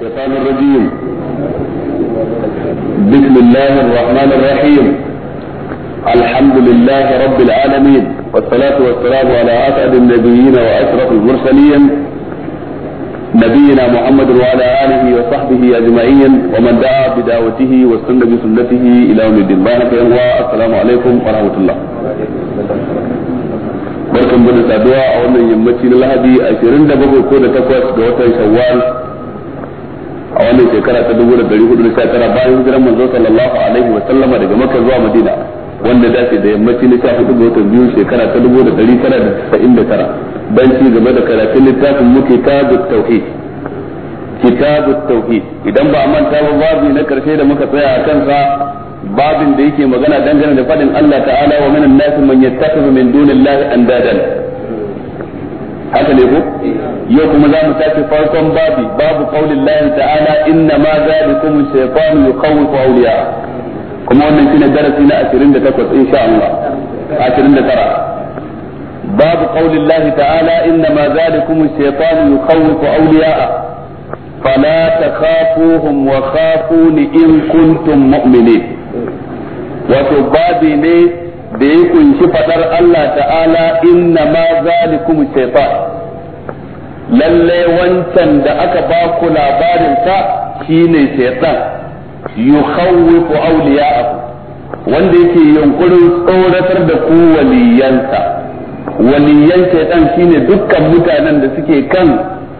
الشيطان الرجيم بسم الله الرحمن الرحيم الحمد لله رب العالمين والصلاة والسلام على أسعد النبيين وأشرف المرسلين نبينا محمد وعلى آله وصحبه أجمعين ومن دعا بدعوته واستنى بسنته إلى يوم الدين السلام عليكم ورحمة الله barkan mu da saduwa a wannan yammaci أشرين lahadi 27 ko da a wannan shekara ta dubu da dari hudu da bayan hijiran manzo sallallahu alaihi wa sallama daga makka zuwa madina wanda dace da yammaci na sha hudu watan biyu shekara ta dubu da dari tara da tasa'in da tara dan ci gaba da karatun littafin tauhid kitabu tauhid idan ba manta ba babu na karshe da muka tsaya a kansa babin da yake magana dangane da fadin Allah ta'ala wa minan nasi man yattakhidhu min dunillahi andadan haka ne ko yau kuma za mu tafi farkon babi babu qaulin lahi ta'ala inna ma kuma zalikum shaytanu yukhawwifu awliya kuma wannan shine darasi na 28 insha Allah 29 babu qaulin lahi ta'ala inna ma kuma zalikum shaytanu yukhawwifu awliya فلا in وخافون إن كنتم babi ne. da ya kunshi fadar Allah ta'ala inna ma zalikum shaytan lalle wancan da aka ba ku labarin sa shine shaytan yukhawwifu awliya'ahu wanda yake yunkurin tsoratar da ku waliyansa waliyan shaytan shine dukkan mutanen da suke kan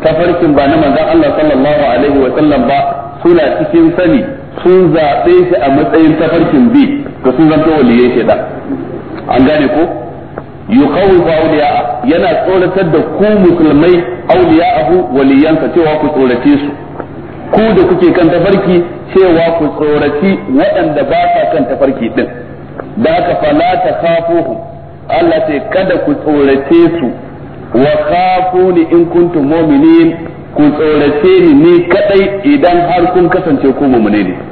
tafarkin ba na manzon Allah sallallahu alaihi wa sallam ba suna cikin sani sun zaɓe shi a matsayin tafarkin bi to sun zanto waliyai shaytan an gane ko yukhawifu yana tsoratar da ku musulmai awliya'ahu waliyansa cewa ku tsorace su ku da kuke kan tafarki cewa ku tsoraci waɗanda ba sa kan tafarki din da ka fala ta Allah ce kada ku tsorace su wa ni in kuntum mu'minin ku tsorace ni ni kadai idan har kun kasance ku mu'mini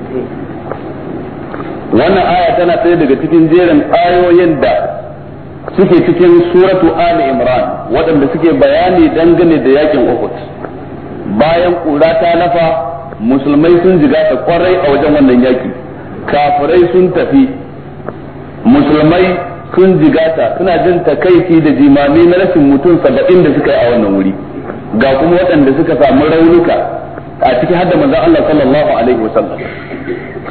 wannan aya tana ɗaya daga cikin jerin ayoyin da suke cikin suratu ali imran waɗanda suke bayani dangane da yakin uhud bayan ƙura ta lafa musulmai sun jiga ta kwarai a wajen wannan yaki kafirai sun tafi musulmai sun ta suna jin takaici da jimami na rashin mutum saba'in da suka yi a wannan wuri ga kuma waɗanda suka samu raunuka a cikin hada manzon Allah sallallahu alaihi wasallam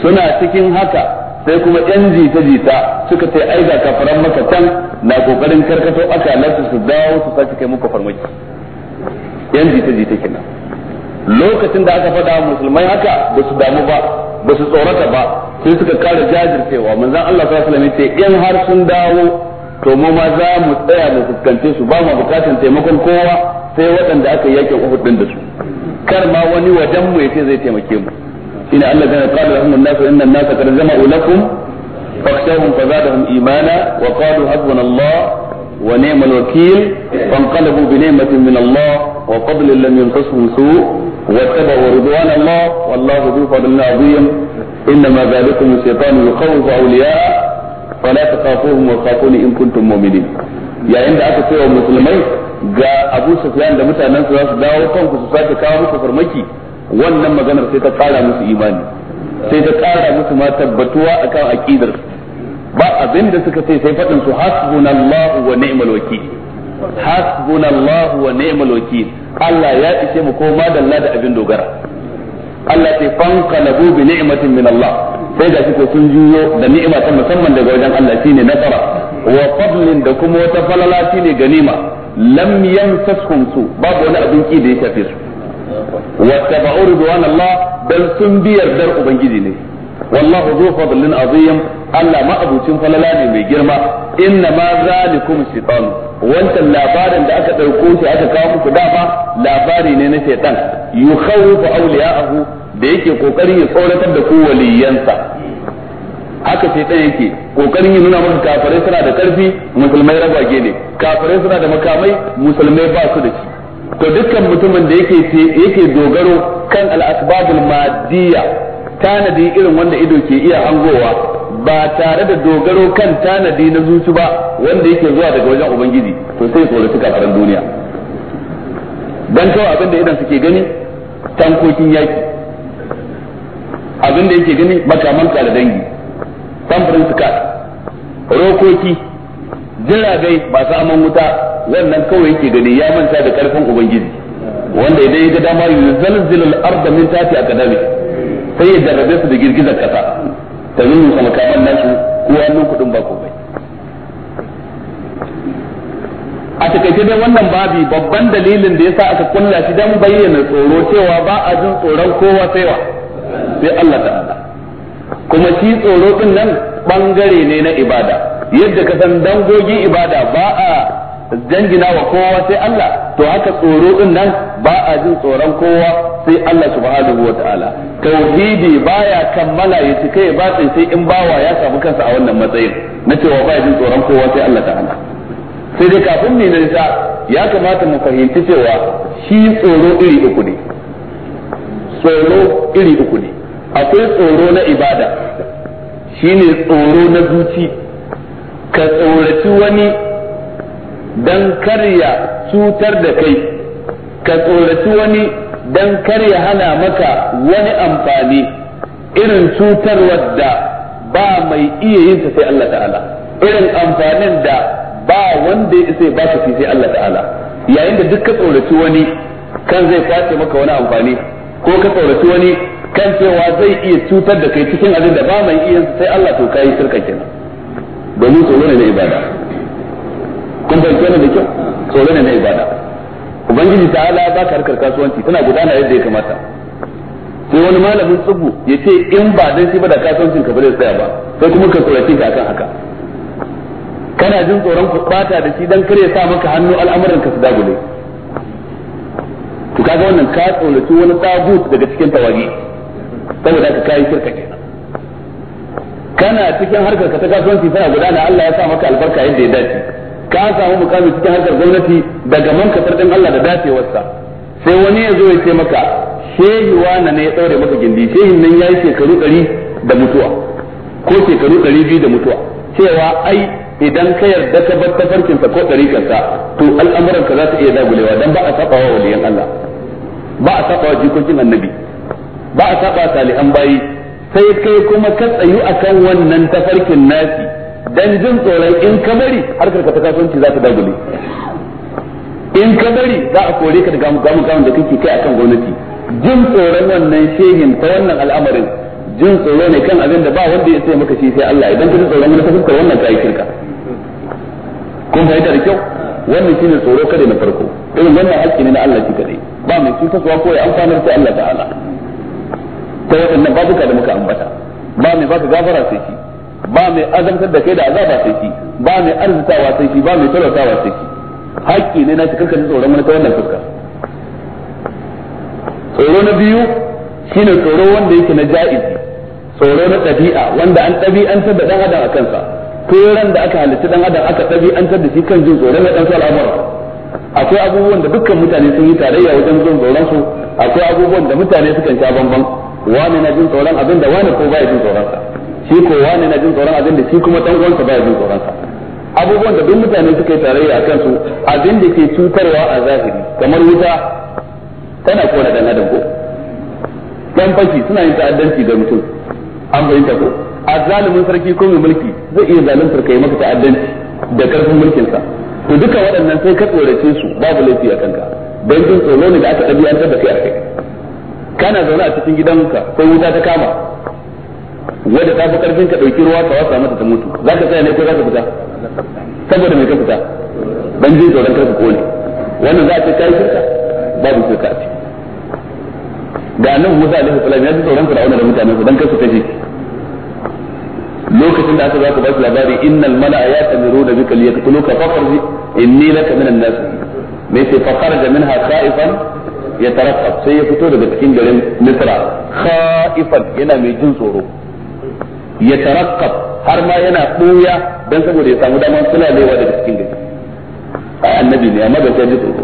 suna cikin haka sai kuma yan jita jita suka ce ai ga kafaran maka can na kokarin karkato aka lasu su dawo su sake kai muku farmaki yan jita jita kenan lokacin da aka faɗa musulmai haka ba su damu ba ba su tsorata ba sai suka kara jajircewa manzon Allah sallallahu alaihi wasallam ya ce in har sun dawo to mu ma za mu tsaya mu fuskance su ba mu bukatan taimakon kowa sai waɗanda aka yakin Uhud din da su kar ma wani wajen mu yace zai taimake mu إن الذين قال لهم الناس إن الناس قد جمعوا لكم فاخشاهم فزادهم إيمانا وقالوا حسبنا الله ونعم الوكيل فانقلبوا بنعمة من الله وفضل لم ينقصهم سوء واتبعوا رضوان الله والله ذو فضل عظيم إنما ذلكم الشيطان يخوف أولياءه فلا تخافوهم وخافوني إن كنتم مؤمنين يا عند أكثر ce wa musulmai ga abu sufyan da mutanensu za su dawo kanku su sake kawo muku farmaki wannan maganar sai ta kara musu imani sai ta kara musu ma tabbatuwa akan aqidar ba abin da suka ce sai fadin su hasbunallahu wa ni'mal wakil hasbunallahu wa ni'mal wakil Allah ya ishe mu ko madalla da abin dogara Allah sai fanqalabu bi ni'matin min Allah sai da ko sun juyo da ni'ima ta musamman daga wajen Allah shine nasara wa fadlin da kuma wata falala shine ganima lam yansaskum su babu wani abin ki da ya shafe su wattaba'u ridwan Allah bal sun biyar yardar ubangiji ne wallahu zu fadlin azim Allah ma abucin falala ne mai girma inna ma zalikum shaytan wancan labarin da aka dauko shi aka kawo muku dama labari ne na shaytan yukhawfu awliya'ahu da yake kokarin ya tsoratar da ku waliyansa haka sai ɗaya yake kokarin ya nuna maka kafirai suna da karfi musulmai ragwage ne kafirai suna da makamai musulmai ba su da shi to dukkan mutumin da yake yake dogaro kan al-asbabul madiyya tanadi irin wanda ido ke iya hangowa ba tare da dogaro kan tanadi na zuci ba wanda yake zuwa daga wajen ubangiji to sai suka kafaran duniya dan kawai abin da idan suke gani tankokin yaki abin da yake gani makaman kala dangi samfurin suka rokoki ba su aman wuta wannan kawai yake gani ya manta da karfin ubangiji wanda idan ya ga dama al-ard min tati akadami sai ya jarrabe su da girgizar kasa ta nuna makaman nasu ko wannan kudin ba komai a takaice dai wannan babi babban dalilin da yasa aka kulla shi dan bayyana tsoro cewa ba a jin tsoron kowa sai wa sai Allah ta'ala kuma shi tsoro din nan bangare ne na ibada yadda ka san dangogin ibada ba a jangina wa kowa sai Allah to haka tsoro din nan ba a jin tsoron kowa sai Allah subhanahu wa ta'ala tauhidi baya kammala ya cika ya ba sai in bawa ya samu kansa a wannan matsayin na cewa ba jin tsoron kowa sai Allah ta'ala sai dai kafin ne na nisa ya kamata mu fahimci cewa shi tsoro iri uku ne tsoro iri uku ne akwai tsoro na ibada shine tsoro na zuci ka tsoraci wani don karya cutar da kai ka tsoraci wani don karya hana maka wani amfani irin cutar wadda ba mai iya yin ta sai Allah ta'ala irin amfanin da ba wanda ya sai ba ka fi sai Allah ta'ala yayin da duk ka tsoraci wani kan zai kwace maka wani amfani ko ka tsoraci wani kan cewa zai iya cutar da kai cikin abin da ba mai iya sai Allah to kai shirka kenan domin tsoro ne na ibada kun fahimci ne da kyau tsoro ne na ibada ubangiji ta ala ba ka harkar kasuwanci tana gudana yadda ya kamata sai wani malamin tsubu ya ce in ba dan shi ba da kasuwancin ka bare tsaya ba sai kuma ka tsorace ka akan haka kana jin tsoron ku bata da shi dan kar ya sa maka hannu al'amuran ka su dagule to kaga wannan ka tsorace wani tagut daga cikin tawagi saboda ka kai shirka kenan kana cikin harkar ka ta kasuwanci tana gudana Allah ya sa maka albarka yadda ya dace ka samu mukami cikin harkar gwamnati daga mankatar din Allah da dacewarsa sai wani ya zo ya ce maka shehi wani ne ya daure maka gindi shehin nan ya yi shekaru ɗari da mutuwa ko shekaru ɗari biyu da mutuwa cewa ai idan ka yarda ka bar tafarkinsa ko ɗarikarsa to al'amuranka za ta iya dagulewa dan ba a saba wa waliyan Allah ba a saba wa jikokin annabi ba a saba salihan bayi sai kai kuma ka tsayu akan wannan tafarkin nasi dan jin tsoron in ka bari harkar ka ta kasuwanci za ta dagule in ka bari za a kore ka daga gamu da kake kai akan gwamnati jin tsoron wannan shehin ta wannan al'amarin jin tsoro ne kan abin da ba wanda ya sai maka shi sai Allah idan ka ji tsoron wani fuskar wannan ka yi kirka kun fahimta da kyau wannan shine tsoro kada na farko irin wannan haƙƙi ne na Allah shi kadai ba mai cutarwa ko ya amfanar sai Allah ta'ala ta waɗannan babuka da muka ambata ba mai baka gafara sai shi ba mai azabtar da kai da azaba sai shi ba mai arzikawa sai shi ba mai talautawa sai shi haƙƙi ne na shi da tsoron wani ta wannan fuska tsoro na biyu shine tsoro wanda yake na ja'izi tsoro na ɗabi'a wanda an ɗabi'antar da ɗan adam a kansa ko ran da aka halitta ɗan adam aka ɗabi'antar da shi kan jin tsoron dan ɗan al'amura akwai abubuwan da dukkan mutane sun yi tarayya wajen jin tsoron su akwai abubuwan da mutane sukan sha bamban wani na jin tsoron abin da wani ko baya jin tsoron sa shi ko wani na jin tsoron abin da shi kuma dan uwansa baya jin tsoron sa abubuwan da duk mutane suka yi tarayya akan su abin da ke cutarwa a zahiri kamar wuta tana kona dan adam ko dan fashi suna yin ta'addanci ga mutum an bayyana ko azalimin sarki ko mai mulki zai iya zaluntar kai maka ta'addanci da karfin mulkin sa to duka waɗannan sai ka tsorace su babu laifi a kanka dan jin tsoro ne da aka ɗabi'antar da kai a kai kana zaune a cikin gidanka ko wuta ta kama wadda ta fi karfin ka dauki ruwa ka wasa mata ta mutu za ka tsaya ne ko za ka fita saboda me ka fita ban ji tsoron karka kone wannan za a ce kai shirka babu shirka a ciki da annabi Musa alaihi salam ya ji tsoron Fir'auna da mutanen sa dan kai su kashe lokacin da aka za ka ba su labari innal mala'a ya'tamiruna bika liyaqtuluka fakhruj inni laka minan nas me sai fakharaja minha khaifan ya tarafa sai ya fito daga cikin garin misra khaifan yana mai jin tsoro ya tarakka har ma yana ɓuya don saboda ya samu damar yawa daga cikin gari a annabi ne amma bai sai ji tsoro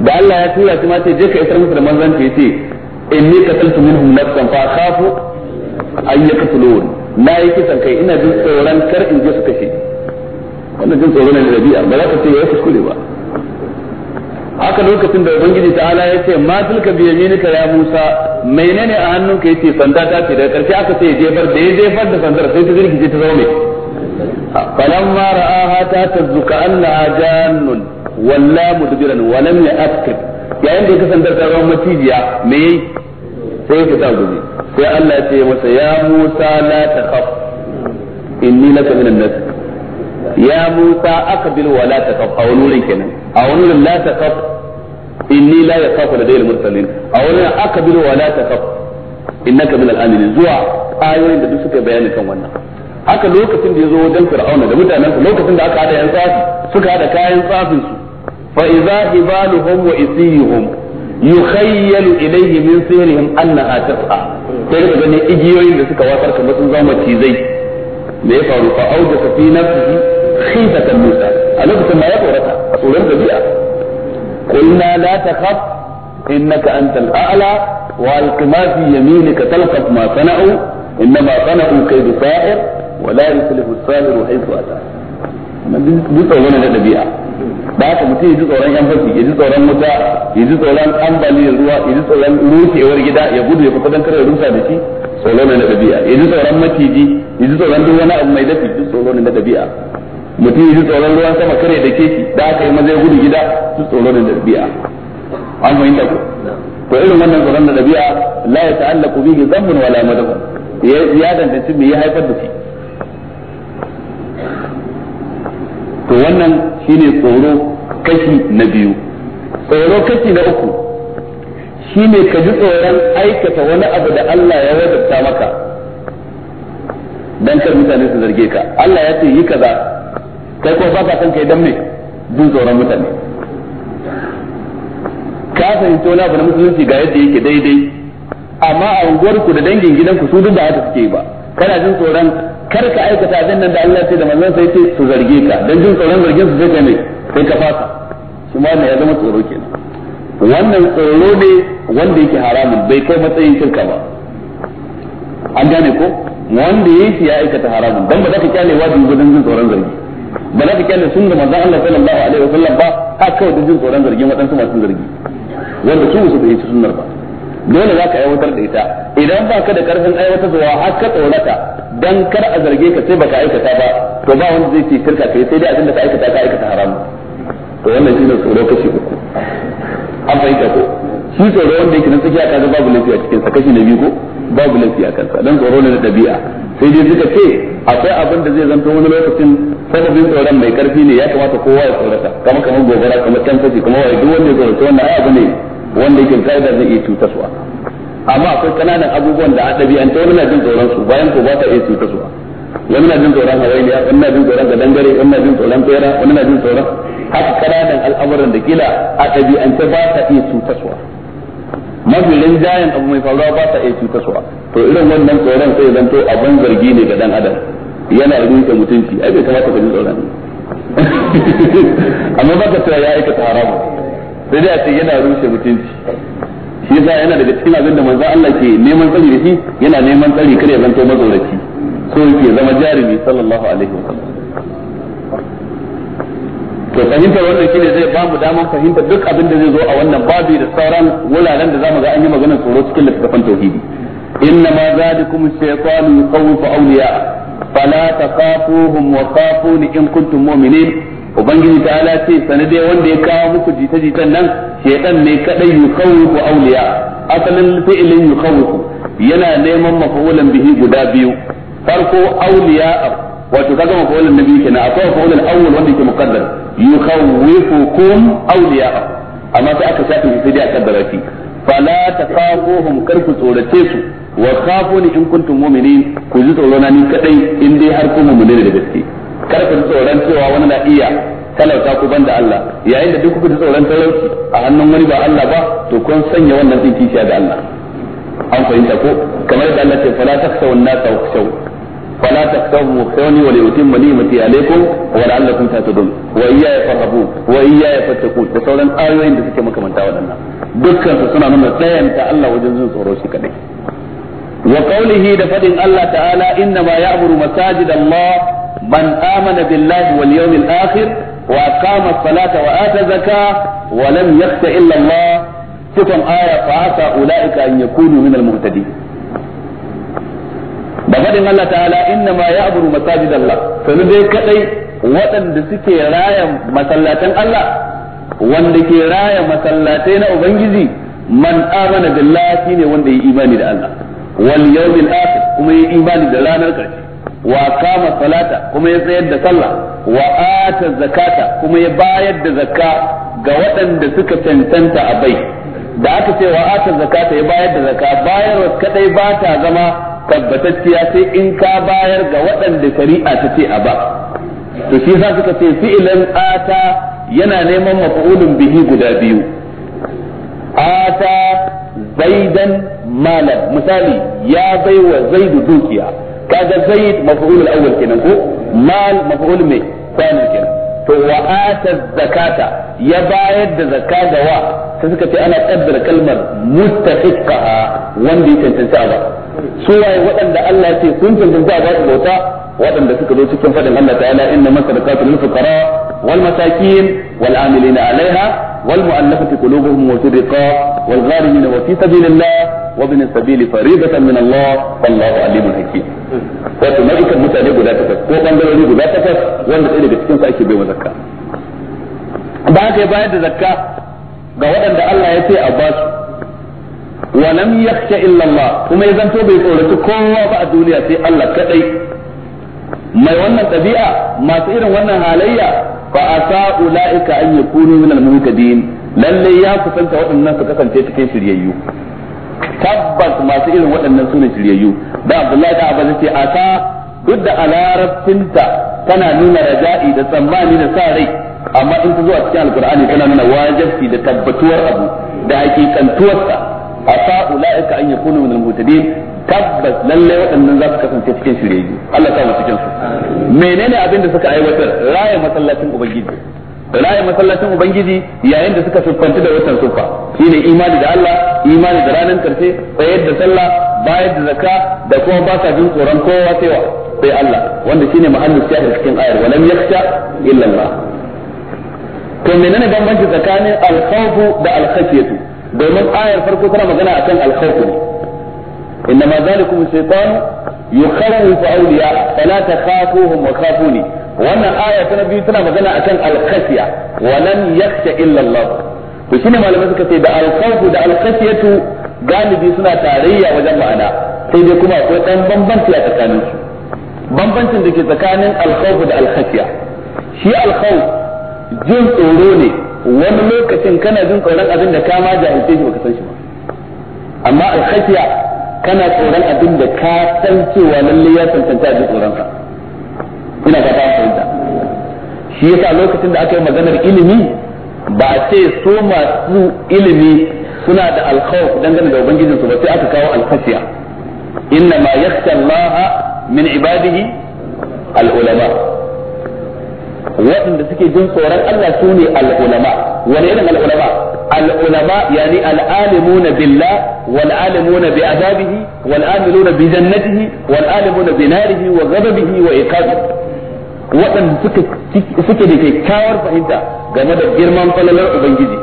da Allah ya tura shi ma sai je ka isar musu da manzanci yace inni qataltu minhum nafsan fa khafu an yaqtulun na yi kisan kai ina jin tsoron kar in je su kashe wannan jin tsoro ne da dabi'a ba za ka ce ya kuskure ba haka lokacin da ubangiji ta'ala ya ce ma tilka bi yaminika ya Musa menene a hannunka yace sanda ta ce da karshe aka sai jefar da ya jefar da sandar sai ta girgije ta zaune falamma ra'aha ta tazuka annaha jannun walla mudbiran wa lam ya'akkid yayin da ka kasandar ta zama macijiya me yayi sai ka ta gobe sai Allah ya ce masa ya Musa la takhaf inni laka minan nas ya Musa aqbil wa la takhaf a wani wurin kenan a wani wurin la takhaf inni la yakhafu ladayil mursalin a wani aqbil wa la takhaf innaka min al-aminin zuwa ayoyin da duk suka bayani kan wannan aka lokacin da yazo wajen fir'auna da mutanen sa lokacin da aka hada yan tsafi suka hada kayan tsafin su fa idza hibaluhum wa isihum yukhayyalu ilayhi min sihrihim annaha tas'a sai da gani igiyoyin da suka wasar kamar sun zama cizai me ya faru fa auda fi nafsihi khifatan a lokacin ma ya tsorata a tsoron dabi'a قلنا لا تخف إنك أنت الأعلى وألق ما في يمينك تلقف ما صنعوا إنما صنعوا كيد ساحر ولا يفلح الساحر حيث أتى duk tsoron da ɗabi'a da haka mutum ya ji tsoron yan fashi ya ji tsoron wuta ya ji tsoron ambaliyar ruwa ya ji tsoron rushewar gida ya gudu ya kusa kare rusa da shi tsoro ne na ɗabi'a ya ji tsoron maciji ya ji tsoron duk wani abu mai dafi duk tsoro ne na ɗabi'a mutum ya ji tsoron ruwan sama kare da ke da aka yi maza ya gudu gida su tsoro da dabi'a an fahimta ko to irin wannan tsoron da dabi'a la ya ta'allaqu bihi dhanbun wala madhab ya ya dantace me ya haifar da shi to wannan shine tsoro kashi na biyu tsoro kashi na uku shine ka ji tsoron aikata wani abu da Allah ya wadabta maka dan kar mutane su zarge ka Allah ya ce yi kaza kai ko ba ka san kai dan me jin tsoron mutane ka fahimci wani abu na musulunci ga yadda yake daidai amma a unguwar ku da dangin gidan ku su duk da haka suke ba kana jin tsoron kar ka aikata abin nan da Allah ce da manzon sai ce su zarge ka dan jin tsoron zargin su sai kai ne sai ka fasa shi ma ne ya zama tsoro kenan wannan tsoro ne wanda yake haramun bai kai matsayin shirka ba an gane ko wanda yake ya aikata haramun dan ba za ka kyale wajibi wajen jin tsoron zargi ba za ka kyale sunna manzon Allah sallallahu alaihi wasallam ba har kawai da jin tsoron zargin waɗansu masu zargi wanda su su fahimci sunnar ba dole za ka aiwatar da ita idan ba ka da karfin aiwatarwa har ka tsorata dan kar a zarge ka sai baka aikata ba to ba wanda zai ce kirka kai sai dai abin da ka aikata ka aikata haramu to wannan shine tsoro kashi uku an fahimta ko shi tsoro wanda yake na tsakiya kaga babu laifi a cikin sa kashi na biyu ko babu laifi a kansa dan tsoro ne na dabi'a sai dai suka ce akwai abin da zai zanto wani lokacin sababin tsoron mai karfi ne ya kamata kowa ya tsorata kamar kamar gobara kamar can fashi kamar wai duk wanda ya tsorata wannan ai abu ne wanda yake kaida zai iya cutarwa amma akwai kananan abubuwan da a ɗabi'anta wani na jin tsoron su bayan ko ba ta iya cutarwa wani na jin tsoron hawainiya wani na jin tsoron dangare wani na jin tsoron tsera wani na jin tsoron haka kananan al'amuran da kila a ɗabi'anta ba ta iya cutarwa mafi rinjayen abu mai faruwa ba ta iya cutarwa to irin wannan tsoron sai zanto abin zargi ne ga dan adam yana rinka mutunci ai bai kamata ka ji tsoron amma ba ka cewa ya ta haramu sai dai a ce yana rushe mutunci shi yasa yana daga cikin abin da manzo Allah ke neman tsari da shi yana neman tsari kare zanto mazauraci so yake zama jarumi sallallahu alaihi wasallam to fahimtar wannan shine zai ba mu damar fahimtar duk abin da zai zo a wannan babi da sauran wuraren da zamu ga an yi maganar tsoro cikin littafin tauhidi inna ma zalikum shaytanu yukhawwifu awliya fala taqafuhum wa qafuni in kuntum mu'minin ubangiji ta'ala ce sanade wanda ya kawo muku jita-jitan nan shedan ne kadai yukawwifu awliya asalin fi'ilin yukawwifu yana neman mafulan bihi guda biyu farko awliya wato kaga mafulan nabi kenan akwai mafulan awwal wanda yake muqaddar yukawwifukum awliya amma sai aka shafe shi sai a fala tsorace su wa khafuni in kuntum mu'minin ku ji tsoro na ni kadai in dai har ku mu'mini da gaske kar ku tsoron cewa wani na iya talauta ku banda Allah yayin da duk kuka ji tsoron talauci a hannun wani ba Allah ba to kun sanya wannan din kishiya ga Allah an fahimta ko kamar da Allah ce fala taksawu an-nasa wa khshaw fala taksawu wa khshawni wa liyutimma ni'mati alaykum wa la'allakum tahtadun wa iyaya farhabu wa iyaya fattaqun da sauran ayoyin da suke makamanta waɗannan dukkan su suna nuna tsayanta Allah wajen jin tsoro shi kadai wa qawlihi da faɗin Allah ta'ala inna ma ya'muru masajid Allah man amana billahi wal yawmil akhir wa aqama as-salata wa ata zakah wa lam yakhsha illa Allah tukan aya fa asa ulaika an yakunu min al-muhtadin da fadin Allah ta'ala ma Allah kadai waɗanda suke raya masallatan Allah wanda ke raya masallatai na Ubangiji man amana billahi shine wanda ya imani da Allah wal yawmil akhir kuma yi imani da ranar karshe wa salata kuma ya tsayar da sallah wa ata zakata kuma ya bayar da zakka ga waɗanda suka cancanta a bai da aka ce wa zakata ya bayar da zakka bayarwa kadai ba ta zama tabbatacciya sai in ka bayar ga waɗanda shari'a ta ce a ba to shi yasa suka ce fi'ilan ata yana neman maf'ulun bihi guda biyu ata zaidan malam misali ya baiwa zaid dukiya kaga zaid maf'ul al-awwal kenan ko mal maf'ul mai thani kenan to wa ata zakata ya bayar da zakka ga wa sai suka ce ana kaddara kalmar muttafiqaha wanda ya cancanta ba su waye waɗanda Allah ce sun cancanta ba su bauta waɗanda suka zo cikin fadin Allah ta'ala inna masadaqatu lil fuqara wal masakin wal amilina alaiha wal mu'allafati qulubuhum wa sirqa wal gharimin wa fi sabilillah وابن السبيل فريضة من الله والله عليم حكيم wato nau'ikan mutane guda takwas ko bangarori guda takwas wanda ɗaya daga cikin ake bai wa zakka ba haka ya bayar da zakka ga waɗanda Allah ya ce a ba su wa lam yakhsha illa Allah kuma ya zanto bai tsoraci kowa ba a duniya sai Allah kadai mai wannan ɗabi'a masu irin wannan halayya fa asa ulaika an yakunu min al-muhtadin lalle ya kusanta waɗannan su kasance cikin shiryayyu tabbas masu irin waɗannan sune shiryayyu da Abdullahi da Abbas ce asa duk da alarabtinta tana nuna raja'i da tsammani da sa rai amma in ta cikin alkur'ani tana nuna wajibi da tabbatuwar abu da hakikantuwarsa asa ulaika an yakunu min al tabbas lallai waɗannan za su kasance cikin shiryayyu Allah ta mu cikin su menene abin da suka aiwatar raya masallacin ubangiji raya masallacin ubangiji yayin da suka suffanci da watan suffa shine imani da Allah imani da ranar karshe tsayar da sallah bayar da zakka da kuma ba sa jin tsoron kowa sai wa sai Allah wanda shine mahallin shahid cikin ayar walam yakhsha illa Allah to menene bambanci tsakanin al da al-khashiyatu domin ayar farko tana magana akan al-khawf ne inma zalikum shaytan yukhawwifu awliya fala takhafuhum wa khafuni wannan aya ta biyu tana magana akan al-khashiya wa lam yakhsha illa Allah to shine malamai suka ce da al da al-khashiyatu galibi suna tarayya wajen ma'ana sai dai kuma akwai dan bambanci a tsakanin su bambancin da ke tsakanin al da al shi al jin tsoro ne wani lokacin kana jin tsoron abin da ka ma jahilce shi baka san shi ba amma al kana tsoron abin da ka san cewa lalle ya tantance a jin tsoron ka ina ga ta fahimta shi yasa lokacin da aka yi maganar ilimi ba a ce su masu ilimi suna da alkhawf dangane da ubangijin su ba sai aka kawo alkhashiya inna ma yakhsha Allah min ibadihi al-ulama waɗanda suke jin tsoron Allah su ne al-ulama wani irin al-ulama al-ulama yani al-alimuna billah wal alimuna bi azabihi wal amiluna bi jannatihi wal alimuna bi narihi wa ghadabihi wa iqabihi waɗanda suka suke da kyakkyawar fahimta game da girman falalar ubangiji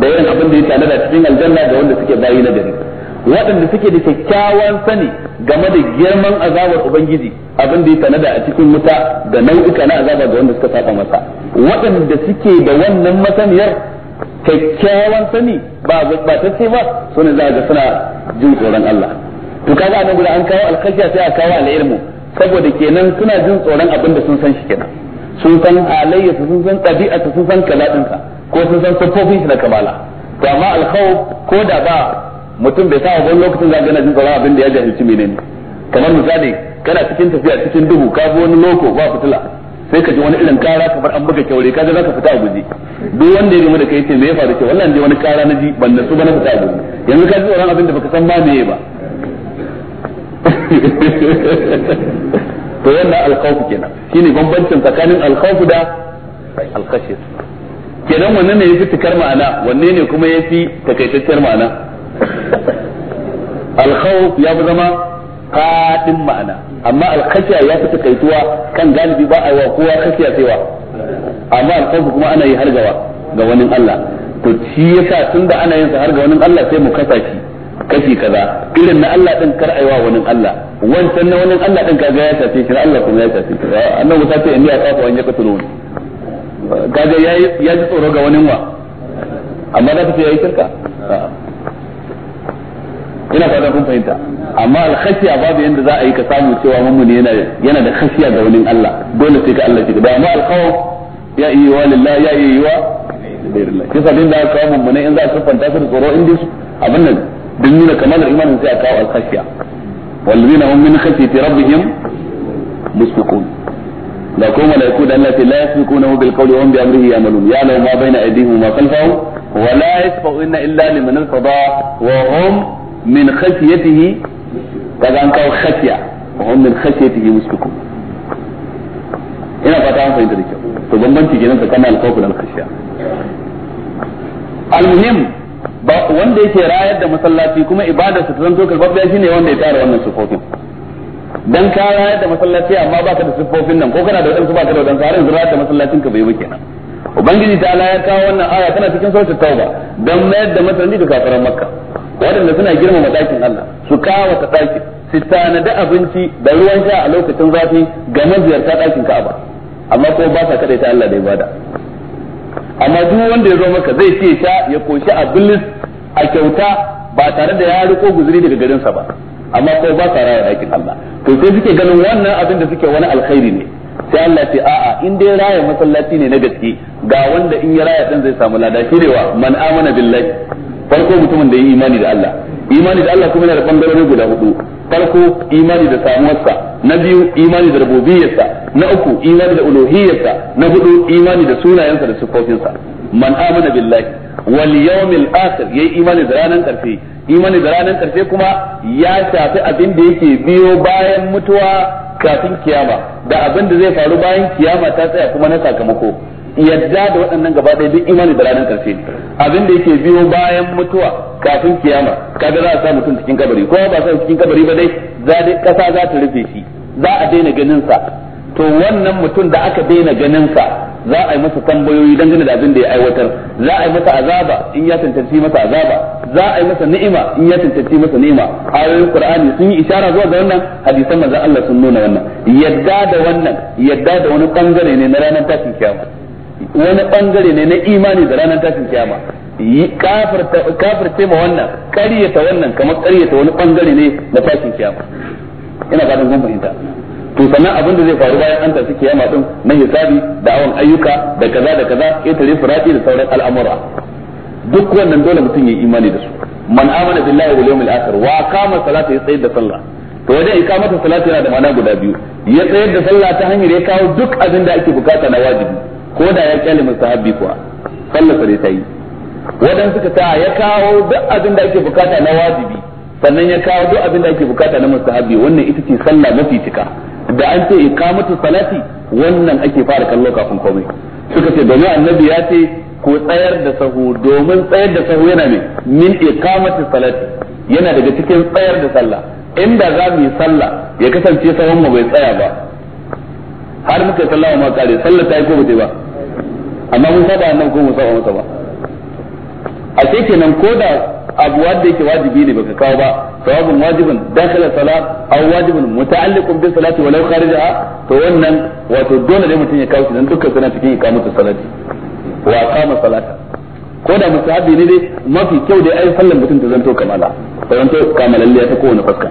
da irin abin da ya tanada cikin aljanna da wanda suke bayi na gari waɗanda suke da kyakkyawan sani game da girman azabar ubangiji abin da ya da a cikin wuta da nau'uka na azaba ga wanda suka saba masa waɗanda suke da wannan masaniyar kyakkyawan sani ba ta ce ba sune za ga suna jin tsoron Allah to kaga anan guda an kawo alkhashiya sai a kawo al'ilmu saboda kenan suna jin tsoron abin da sun san shi kenan sun san halayya sun san ɗabi'a sun san kalaɗinsa ko sun san sufofin shi na kamala to amma alkhaw ko da ba mutum bai sa wani lokacin zaka gana jin tsoron abin da ya jahilci menene kamar misali kana cikin tafiya cikin duhu ka bi wani loko ba fitila sai ka ji wani irin kara kamar an buga kyaure ka ga zaka fita a guje duk wanda ya rimu da kai ce me ya faru ce wallahi ne wani kara na ji ban su ba na fita a guje yanzu ka ji tsoron abin da baka san ba me ba to yana alkhawf kenan shine bambancin tsakanin alkhawf da alkhashis kenan wanne ne yafi tikar ma'ana wanne ne kuma yafi takaitacciyar ma'ana alkhawf ya fi zama fadin ma'ana amma alkhashiya ya fi takaituwa kan galibi ba a yi wa kowa khashiya sai amma alkhawf kuma ana yi har gawa ga wani Allah to shi yasa tunda ana yin sa har ga wani Allah sai mu kasa shi kashi kaza irin na Allah din kar aiwa wani Allah wancan na wani Allah din kaga ya tafi shi Allah kuma ya tafi shi annabi ta ce inni aqafu an yaqtulun kaga yayi ya ji tsoro ga wani wa amma da ta yi shirka ina fata kun fahimta amma al alkhashiya babu yanda za a yi ka samu cewa mummuni yana yana da khashiya ga wani Allah dole sai ka Allah shi da amma alkhawf ya yi wa lillahi ya yi wa lillahi kisa din da aka kawo mummuni in za a kafanta su da tsoro in dai abin nan don nuna kamalar imanin sai a kawo alkhashiya والذين هم من خشية ربهم مشفقون da kuma malaiku da Allah ce la yasbiqunahu bil qawli wa hum bi amrihi ya'malun ya'lamu ma bayna aydihim wa ma khalfahum wa la yasbiquna illa liman irtada wa hum min khashyatihi kaga an kawo khashiya wa hum min khashyatihi mushfiqun ina fata an fahimta da kyau to bambanci kenan tsakanin al-khawf da al-khashya al-muhim wanda yake rayar da masallaci kuma ibadarsa ta zanto shi ne wanda ya tsara wannan sufofin dan ka rayar da masallaci amma baka da sufofin nan ko kana da wadansu baka da wadansu har yanzu rayar da masallacin ka bai yi kenan ubangiji ta ya kawo wannan aya tana cikin sautin tauba dan mayar da masallaci ga kafaran makka waɗanda suna girmama dakin Allah su kawo ta daki su tanada abinci da ruwan sha a lokacin zafi ga maziyarta dakin Ka'aba amma ko ba sa ta Allah da ibada amma duk wanda ya zo maka zai ce sha ya koshi a bilis a kyauta ba tare da ya riko guzuri daga garinsa ba amma ko ba sa raya aikin Allah to sai suke ganin wannan abin da suke wani alkhairi ne sai Allah ce a'a in dai raya masallaci ne na gaske ga wanda in ya raya din zai samu lada shirewa man amana billahi farko mutumin da ya imani da Allah imani da Allah kuma yana da bangarori guda hudu farko imani da samuwarsa na biyu imani da rububiyarsa na uku imani da uluhiyarsa na hudu imani da sunayensa da sifofinsa man amana billahi wal yawmil akhir yayi imani da ranan karfe imani da ranan karfe kuma ya shafi abin da yake biyo bayan mutuwa kafin kiyama da abin da zai faru bayan kiyama ta tsaya kuma na sakamako yadda da waɗannan gaba ɗaya duk imani da ranan karfe abin da yake biyo bayan mutuwa kafin kiyama kaga za a sa mutum cikin kabari ko ba sa cikin kabari ba dai za dai za ta rufe shi za a daina ganin sa to wannan mutum da aka daina ganin sa za a yi masa tambayoyi dangane da abin da ya aiwatar za a yi masa azaba in ya tantance masa azaba za a yi masa ni'ima in ya tantance masa ni'ima ayoyin qur'ani sun yi isharar zuwa ga wannan hadisan manzon Allah sun nuna wannan yadda da wannan yadda da wani bangare ne na ranar tashin kiyama wani bangare ne na imani da ranar tashin kiyama kafirce ma wannan karyata wannan kamar karyata wani bangare ne na tashin kiyama ina fatan kun fahimta to sannan abin da zai faru bayan an tafi kiyama din na hisabi da awon ayyuka da kaza da kaza itare firati da sauran al'amura duk wannan dole mutum ya yi imani da su man amana billahi wal yawmil akhir wa qama salata ya tsayar da sallah to wajen ikamata salati yana da ma'ana guda biyu ya tsayar da sallah ta hanyar ya kawo duk abin da ake bukata na wajibi ko da ya kyale mustahabbi kuwa sallah sai ta yi wadan suka ta ya kawo duk abin da ake bukata na wajibi sannan ya kawo duk abin da ake bukata na mustahabbi wannan ita ce sallah mafi cika da an ce ikamatu salati wannan ake fara kallo kafin komai suka ce domin annabi ya ce ku tsayar da sahu domin tsayar da sahu yana ne min ikamatu salati yana daga cikin tsayar da sallah inda za mu yi sallah ya kasance sahun mu bai tsaya ba har muka sallah ma kare sallah ta yi ko ba amma mun saba annabi ko mu saba masa ba a sai kenan ko da abu wanda yake wajibi ne baka kawo ba sawabun wajibin dakhala salat aw wajibin muta'alliqun bi salati walau kharijaha to wannan wato dole ne mutum ya kawo shi dan dukkan suna cikin iqamatu salati wa qama salata ko da mustahabi ne dai mafi kyau dai ai sallan mutum ta zanto kamala ta zanto kamalalliya ta kowane fuska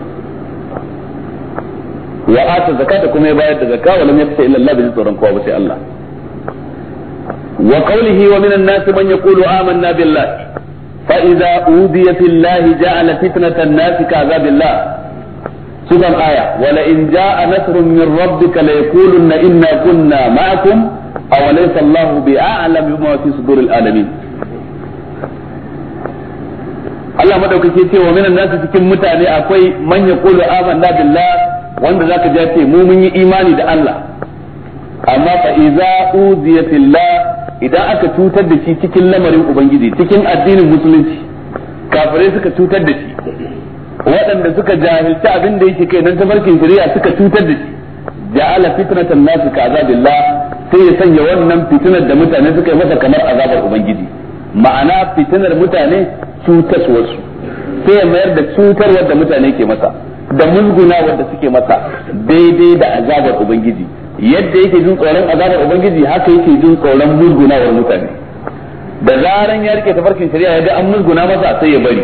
wa ata zakata kuma ya bayar da zakka wa lam yafsa illa Allah bi tsoron kowa ba sai Allah وقوله ومن الناس من يقول آمنا بالله فإذا أوذي في الله جعل فتنة الناس كعذاب الله سورة آية ولئن جاء نصر من ربك ليقولن إنا كنا معكم أوليس الله بأعلم بما في صدور العالمين Allah madaukake ce wa minan nasu cikin mutane akwai man yaqulu amanna billah wanda zaka ji ce mu mun yi imani da Allah amma fa iza uziya fillah idan aka cutar da shi cikin lamarin ubangiji cikin addinin musulunci kafirai suka cutar da shi waɗanda suka jahilci abin da yake kai nan tafarkin shari'a suka cutar da shi ja'ala fitnatan nasu ka azabillah sai ya sanya wannan fitinar da mutane suka yi masa kamar azabar ubangiji ma'ana fitinar mutane cutarwarsu sai ya mayar da cutar wanda mutane ke masa da musguna wanda suke masa daidai da azabar ubangiji yadda yake jin tsoron azabar ubangiji haka yake jin tsoron musgunawar mutane da zaran ya rike tafarkin shari'a ya ga an musguna masa sai ya bari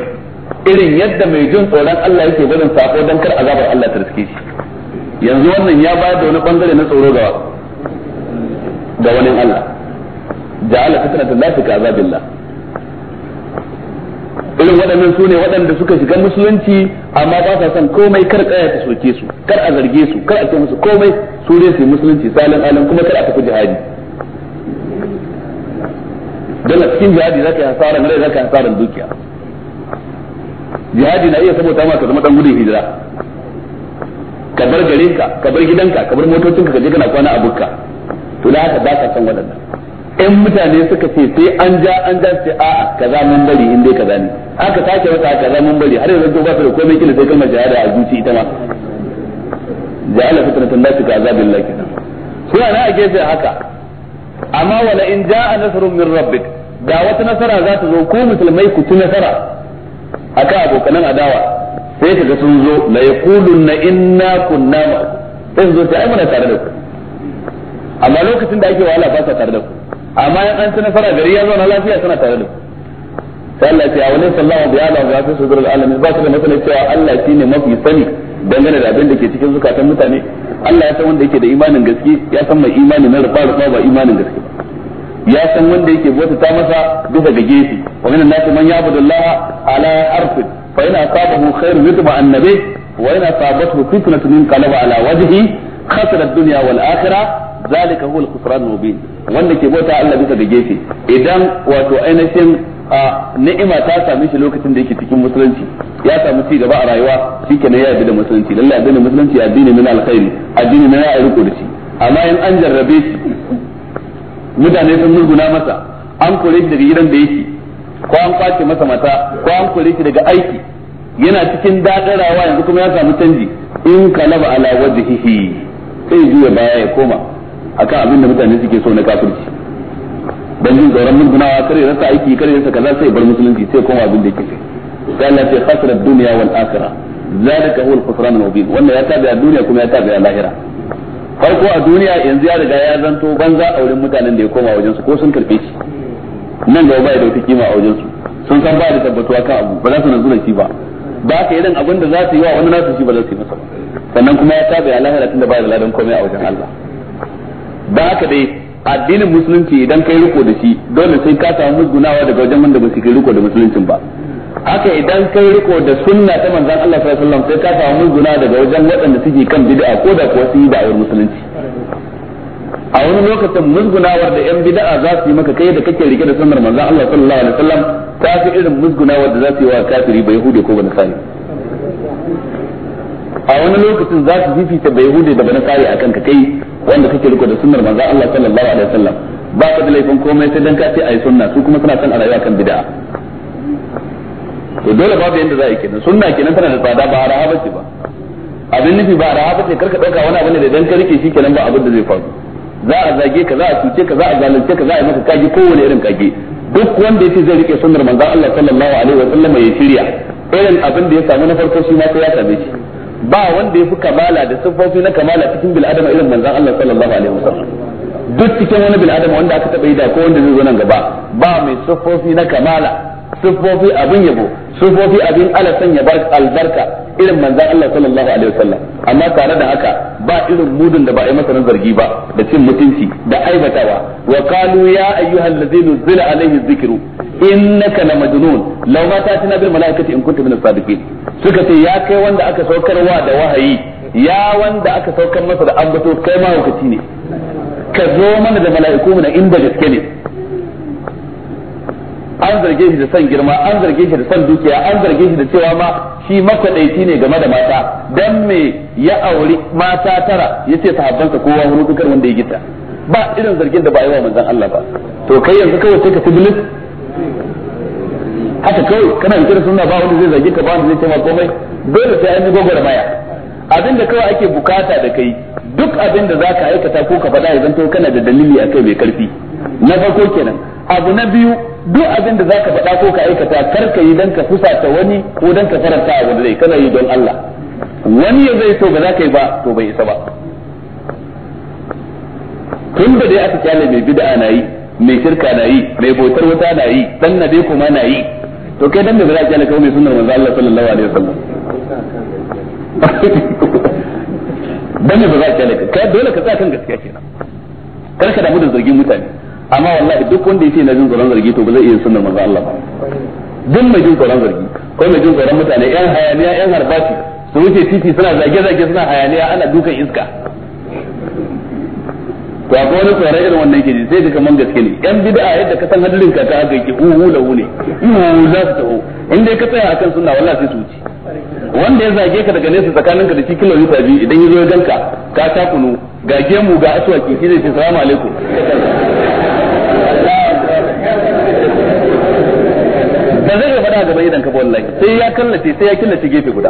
irin yadda mai jin tsoron Allah yake barin sako dan kar azabar Allah ta riske shi yanzu wannan ya bayar da wani bangare na tsoro ga ga wani Allah ja'ala fitnatullahi ka azabillah irin waɗannan su ne waɗanda suka shiga musulunci amma ba sa son komai kar kaya ta soke su kar a zarge su kar a ce musu komai su ne su musulunci salin alam kuma kar a tafi jihadi don a cikin jihadi za ka yi hasaran rai za ka yi hasaran dukiya jihadi na iya saboda ma ka zama dan gudun hijira ka bar garinka ka bar gidanka ka bar motocinka ka je kana kwana a bukka to da haka ba ka san waɗannan in mutane suka ce sai an ja an ja ce a kaza mun bari in dai kaza ne aka sake wata kaza mun bari har yanzu ba ta da komai kila sai kalmar shahada a zuci ita ma ja'ala fitnatan lati ka azabil laki suna na ake sai haka amma wala in ja'a nasrun min rabbik da wata nasara za ta zo ko musulmai ku ci nasara akan abokanan adawa sai kaga sun zo la yaqulunna inna kunna ma sai zo sai ai muna tare da ku amma lokacin da ake wahala ba sa tare da ku amma yan an ci nasara gari ya zauna lafiya suna tare da sai Allah ya ce awalin sallahu bi ala wa fi sudurul alamin ba su da matsalar cewa Allah shine mafi sani dangane da abin da ke cikin zukatan mutane Allah ya san wanda yake da imanin gaske ya san mai imani na rufa rufa ba imanin gaske ya san wanda yake bauta ta masa bisa ga gefe wa minan nas man ya'budu Allah ala harfin fa yana asabahu khairu yutma annabi wa yana asabathu fitnatun qalaba ala wajhi khasara ad-dunya wal akhirah zalika huwa al-khusran mubin wanda ke bauta Allah bisa ga gefe idan wato ainihin ni'ima ta same shi lokacin da yake cikin musulunci ya samu ci gaba a rayuwa shikenan ya bi da musulunci lalle addini musulunci addini min alkhairi addini na ya riko da shi amma in an jarrabe shi mutane sun murguna masa an kore shi daga gidan da yake ko an kwace masa mata ko an kore shi daga aiki yana cikin dadin rayuwa yanzu kuma ya samu canji in kalaba ala wajhihi sai juya baya ya koma akan abin da mutane suke so na kafirci dan jin tsoron mutuna kare rasa aiki kare rasa kaza sai bar musulunci sai koma abin da yake sai Allah ya khasara dunya wal akhirah zalika huwa al-khusran al-mubin wannan ya tabi a duniya kuma ya tabi a lahira farko a duniya yanzu ya riga ya zanto banza a wurin mutanen da ya koma wajen su ko sun karbe shi nan gaba ba ya wata kima a wajen su sun san ba da tabbatuwa kan abu ba za su nazu da shi ba ba ka irin abin da za su yi wa wani nasu shi ba za su yi masa sannan kuma ya tabi a lahira tunda ba da ladan komai a wajen Allah Ba haka dai addinin musulunci idan kai riko da shi dole sai ka samu musgunawa daga wajen wanda ba su kai riko da musuluncin ba haka idan kai riko da sunna ta manzon Allah sallallahu alaihi wasallam sai ka samu musguna daga wajen waɗanda suke kan bid'a ko da kuwa su yi da'awar musulunci a wani lokacin musgunawar da yan bid'a za su yi maka kai da kake rike da sunnar manzon Allah sallallahu alaihi wasallam ta fi irin musgunawar da za su yi wa kafiri ba yahudi ko ba nasari a wani lokacin za su fifita bai hude da bana kare a ka kai wanda kake riko da sunnar manzo Allah sallallahu alaihi wasallam ba ka da laifin komai sai dan ka ce ai sunna su kuma suna son a rayuwa kan bid'a to dole babu yanda za a yi kenan sunna kenan tana da tsada ba raha bace ba abin nufi ba raha bace karka dauka wani abin da dan ka rike shi kenan ba abin da zai faru za a zage ka za a cuce ka za a zalunce ka za a yi maka kaji kowane irin kage duk wanda yace zai rike sunnar manzo Allah sallallahu alaihi wasallam ya shirya irin abin da ya samu na farko shi ma sai ya same shi ba wanda ya fi kamala da siffofi na kamala cikin bil adama irin manzon Allah sallallahu alaihi wasallam duk cikin wani bil adama wanda aka taba yi da ko wanda zai zo nan gaba ba mai siffofi na kamala sufofi abin yabo sufofi abin alasan ya bar albarka irin manzan Allah sallallahu alaihi wasallam amma tare da haka ba irin mudun da ba a masa zargi ba da cin mutunci da aibatawa wa qalu ya ayyuhal ladzina zila alaihi dhikru innaka la majnun law ma ta'tina bil malaikati in kunta min sadiqin suka ce ya kai wanda aka saukarwa da wahayi ya wanda aka saukar masa da ambato kai ma ne ka zo mana da mala'iku mu inda gaske ne an zarge shi da son girma an zarge shi da son dukiya an zarge shi da cewa ma shi makwadaici ne game da mata dan me ya auri mata tara yace sahabbansa kowa wani kar wanda ya gita ba irin zargin da ba yi manzon Allah ba to kai yanzu kawai sai ka haka kawai kana yin da sunna ba wanda zai zage ka ba wanda zai taimaka komai dole sai an yi gogor baya abin da kawai ake bukata da kai duk abin da zaka aikata ko ka faɗa ya zanto kana da dalili akai mai karfi na farko kenan abu na biyu duk abin da zaka faɗa ko ka aikata kar ka yi dan ka fusata wani ko dan ka faranta a wani kana yi don Allah wani ya zai to ba za ka yi ba to bai isa ba tun da dai aka kyale mai bid'a na yi mai shirka na yi mai bautar wuta na yi dan na dai kuma na yi to kai dan da ba za ka kyale kai mai sunnar manzo Allah sallallahu alaihi wasallam dan ne ba za ka kyale kai dole ka tsaya kan gaskiya kenan kar ka damu da zargin mutane amma wallahi duk wanda yace na jin tsoron zargi to ba zai iya sunnar manzo Allah ba duk mai jin tsoron zargi ko mai jin tsoron mutane yan hayaniya yan harbaci su wuce titi suna zage zage suna hayaniya ana dukan iska to akwai wani tsoron irin wannan ke ji sai duka man gaske ne yan bid'a yadda ka san hadirin ka ta haka yake uhu hu ne uhu za su taho in dai ka tsaya akan sunna wallahi sai su wuce wanda ya zage ka daga nesa tsakaninka da shi kilomita biyu idan ya zo ya ganka ka takunu ga gemu ga aswaki shi zai ce salamu alaikum faɗa gaban idan ka wallahi sai ya kallace sai ya killace gefe guda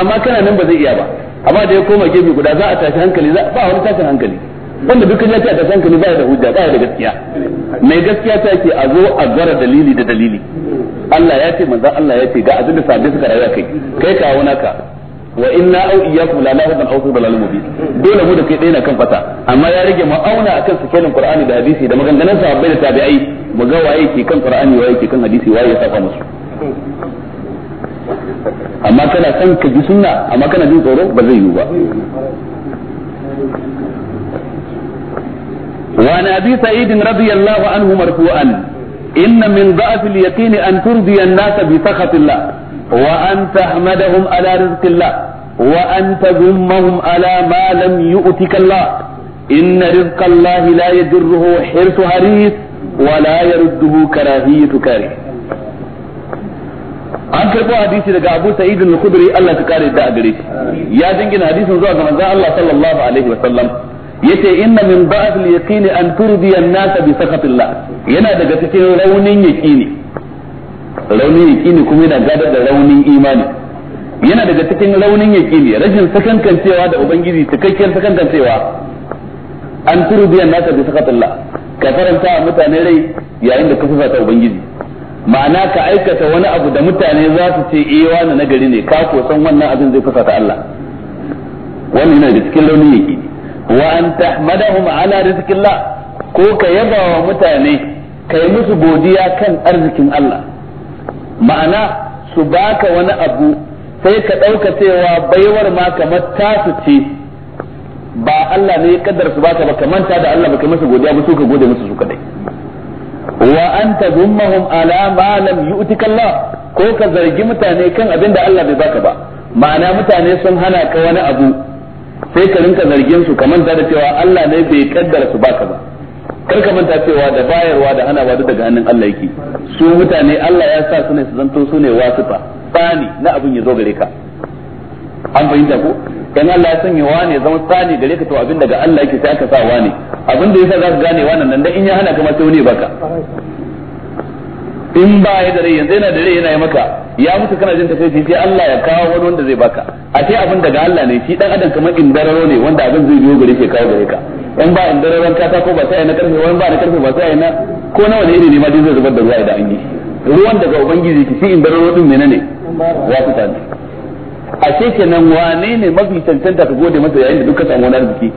amma kana nan ba zai iya ba amma da ya koma gefe guda za a tashi hankali za ba wani tashin hankali wanda dukkan ya ce a tashi hankali ba da hujja ba da gaskiya mai gaskiya ta ce a zo a gara dalili da dalili Allah ya ce manzon Allah ya ce ga abin da sabbin suka rayuwa kai kai kawo naka wa inna au iyyakum la lahadan aw dhalalun mubin dole mu da kai daina kan fata amma ya rage mu auna akan sikelin qur'ani da hadisi da maganganun sahabbai da tabi'ai mu ga waye ke kan qur'ani waye ke kan hadisi waye ya saka musu amma kana son ka ji sunna amma kana jin tsoro ba zai yiwu ba وعن ابي سعيد رضي الله عنه مرفوعا ان من ضعف اليقين ان ترضي الناس بسخط الله وان تحمدهم على رزق الله وان تذمهم على ما لم يؤتك الله ان رزق الله لا يجره حرص حريص ولا يرده كراهيه كاره an karɓo hadisi daga Abu Sa'id al-Khudri Allah ka kare da gare shi ya dingina hadisin zuwa ga manzon Allah sallallahu alaihi wa sallam yace inna min ba'd al-yaqini an turdi an-nas bi sakatillah yana daga cikin raunin yaqini raunin yaqini kuma yana gadar da raunin imani yana daga cikin raunin yaqini rashin sakankancewa da ubangiji cikakken sakankancewa an turdi an-nas bi sakatillah ka faranta mutane rai yayin da ka fusata ubangiji ma'ana ka aikata wani abu da mutane za su ce eh wani nagari ne ka ko san wannan abin zai ta Allah wannan yana da cikin launin yake wa an tahmadahum ala rizqillah ko ka yaba wa mutane ka yi musu godiya kan arzikin Allah ma'ana su baka wani abu sai ka ɗauka cewa baiwar ma kamar su ce ba Allah ne ya kaddara su baka ba kamanta da Allah baka musu godiya ba su ka gode musu su kaɗai. wa an tadummahum ala ma lam yu'tika Allah ko ka zargi mutane kan abin da Allah bai baka ba ma'ana mutane sun hana ka wani abu sai ka rinka zargin su kamar da cewa Allah ne bai kaddara su baka ba kar ka manta cewa da bayarwa da hanawa duk daga hannun Allah yake su mutane Allah ya sa su ne su zanto su ne wasifa tsani na abin ya zo gare ka an fahimta ko kan Allah ya sanya wane zama tsani gare ka to abin daga Allah yake sai aka sa wane abin da yasa za ka gane wannan nan dan in ya hana ka ma sai wani baka in ba ya da rai yanzu yana da rai yana yi maka ya mutu kana jin takaici sai Allah ya kawo wani wanda zai baka a sai abin daga Allah ne shi dan adam kamar indararo ne wanda abin zai biyo gare shi kawo gare ka in ba indararon ta ko ba sai na karfe wani ba na karfe ba sai na ko na wani iri ne ma dai zai zubar da ruwa idan an yi ruwan daga ubangiji ki shi indararo din menene ya fita ne a ke nan wane ne mafi cancanta ka gode masa yayin da duka samu wani arziki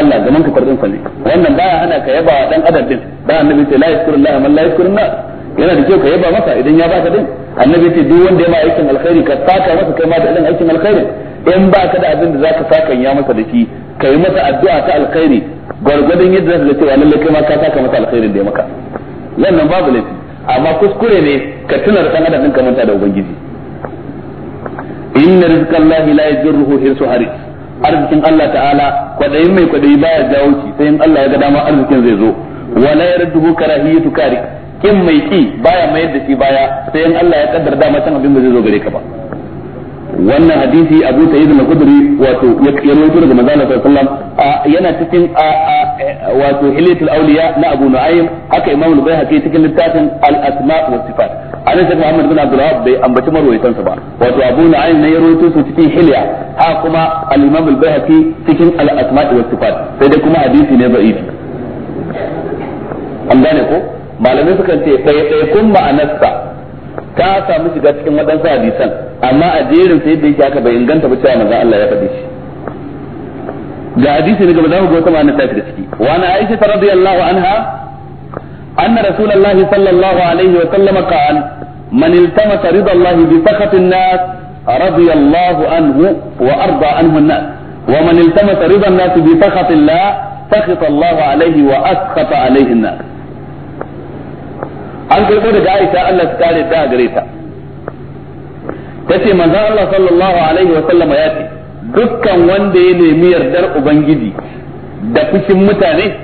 Allah zaman ka kwarɗin sa ne wannan baya ana ka yaba dan adam din da annabi ce la yaskuru Allah man la yaskuru yana da kyau ka yaba masa idan ya baka din annabi ce duk wanda ya ma aikin alkhairi ka saka masa kai ma da irin aikin alkhairi in ba ka da abin da zaka saka ya masa da shi ka yi masa addu'a ta alkhairi gwargwadon yadda zaka ga cewa lalle kai ma ka saka masa alkhairin da ya maka wannan babu laifi amma kuskure ne ka tunar san adam din ka manta da ubangiji inna rizqallahi la yajruhu hirsu haris arzikin Allah ta'ala kwadayin mai kwadayi baya jawo shi sai in Allah ya ga dama arzikin zai zo wala yarduhu karahiyatu karik kin mai ki baya mayar da shi baya sai in Allah ya kaddara dama san abin da zai zo gare ka ba wannan hadisi Abu Sa'id al-Khudri wato ya rawaito daga manzo Allah sallallahu alaihi wasallam yana cikin e, wato hilatul awliya na Abu Nu'aym haka Imam al-Baihaqi cikin littafin al-Asma' wa Sifat anan sai Muhammad bin Abdul Wahab bai ambaci marwayatan sa ba wato Abu na ayin ya rawaito su cikin Hilya ha kuma al-Imam al-Baihaqi cikin al-Asma' wa Sifat sai dai kuma hadisi ne da'if an gane ko malamai sukan ce ɗaya kun ma'anarsa ta samu shiga cikin waɗansu hadisan amma a jerin sai da yake haka bai inganta ba cewa manzon Allah ya faɗi shi ga hadisi ne gaba za mu ga wata ma'anar ta ciki wa na Aisha radiyallahu anha أن رسول الله صلى الله عليه وسلم قال من التمس رضا الله بسخط الناس رضي الله عنه وأرضى عنه الناس ومن التمس رضا الناس بسخط الله سخط الله عليه وأسخط عليه الناس an karɓo daga Aisha Allah su kare ta ta tace manzon Allah sallallahu alaihi wa sallam ya ce dukkan wanda ya nemi yardar ubangiji da fushin mutane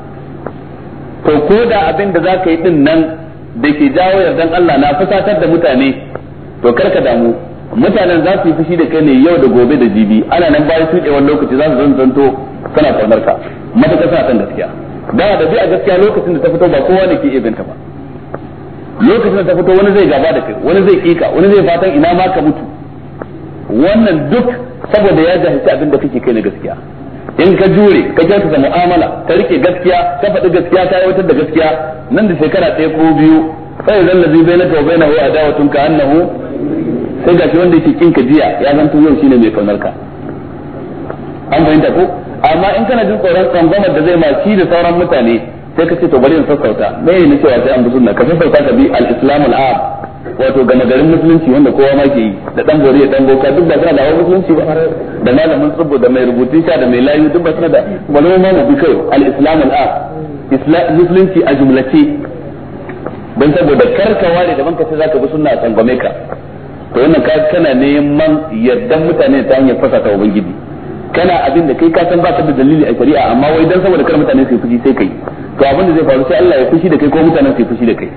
to ko da abin da za ka yi din nan da ke jawo yardan Allah na fusatar da mutane to kar ka damu mutanen za su yi fushi da kai ne yau da gobe da jibi ana nan bayan wani lokaci za su zanto kana kaunar ka matuƙa suna kan gaskiya da da bi a gaskiya lokacin da ta fito ba kowa ne ke iya binta ba lokacin da ta fito wani zai gaba da kai wani zai kika wani zai fatan ina ma ka mutu wannan duk saboda ya jahilci abin da kake kai na gaskiya in ka jure ka kyauta da mu'amala ka rike gaskiya ka faɗi gaskiya ka yawatar da gaskiya nan da shekara ɗaya ko biyu sai zan zalla bai na ka bai na wa adawatun ka annahu sai gashi wanda yake kin ka jiya ya zanto yau shine mai kaunar ka an fahimta ko amma in kana jin tsoron tsangwamar da zai ma shi da sauran mutane sai ka ce to bari in sassauta yi ne cewa sai an bi sunna ka sassauta ka bi al-islamul aam wato gama garin musulunci wanda kowa ma ke yi da dan gori da dan boka duk ba suna da hawa musulunci ba da malamin tsibbo da mai rubutu sha da mai layu duk ba suna da malamin ma bi kai al-islam al-a musulunci a jumlace dan saboda karka ne daban ka sai zaka bi sunna a tsangwame ka to wannan ka kana neman yardan mutane ta hanyar fasa ta ubangiji kana abin da kai ka san ka da dalili a shari'a amma wai dan saboda kar mutane su fushi sai kai to abin da zai faru sai Allah ya fushi da kai ko mutanen su fushi da kai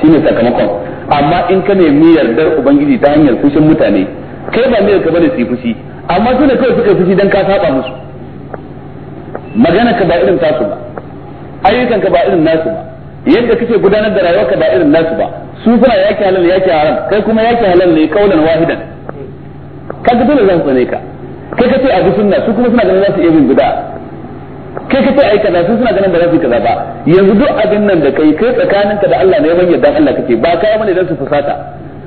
shine sakamakon amma in ka nemi yardar ubangiji ta hanyar fushin mutane kai ba mai ka bane su fushi amma su ne kawai suka fushi dan ka saba musu magana ka ba irin tasu ba ayyukan ka ba irin nasu ba yadda kake gudanar da rayuwarka ba irin nasu ba su suna yaki halal yaki haram kai kuma yaki halal ne kaulan wahidan kaga dole zan sane ka kai ce a sunna su kuma suna ganin za su iya bin guda. kai ka ce ai kaza sun suna ganin ba za su kaza ba yanzu duk abin nan da kai kai tsakaninka da Allah ne man yarda Allah kake ba kai mana idan su fusata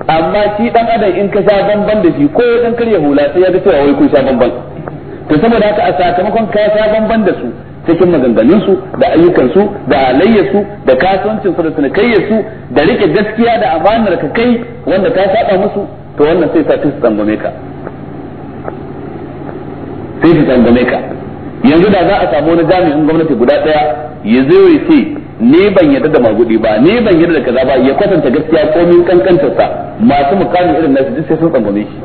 amma shi dan adam in ka sha banban da shi ko dan karya hula sai ya ga cewa wai kun sha banban to saboda haka a sakamakon ka sha banban da su cikin maganganun su da ayyukan su da alayyar su da kasuwancin su da sunakayyar su da rike gaskiya da amanar ka kai wanda ka saba musu to wannan sai sa su tsangwame ka sai su tsangwame ka yanzu da za a samu wani jami'in gwamnati guda daya ya zo ya ce ni ban yarda da magudi ba ni ban yarda da kaza ba ya kwatanta gaskiya komin kankantarsa masu mukamin irin nasu duk sai sun tsangwame shi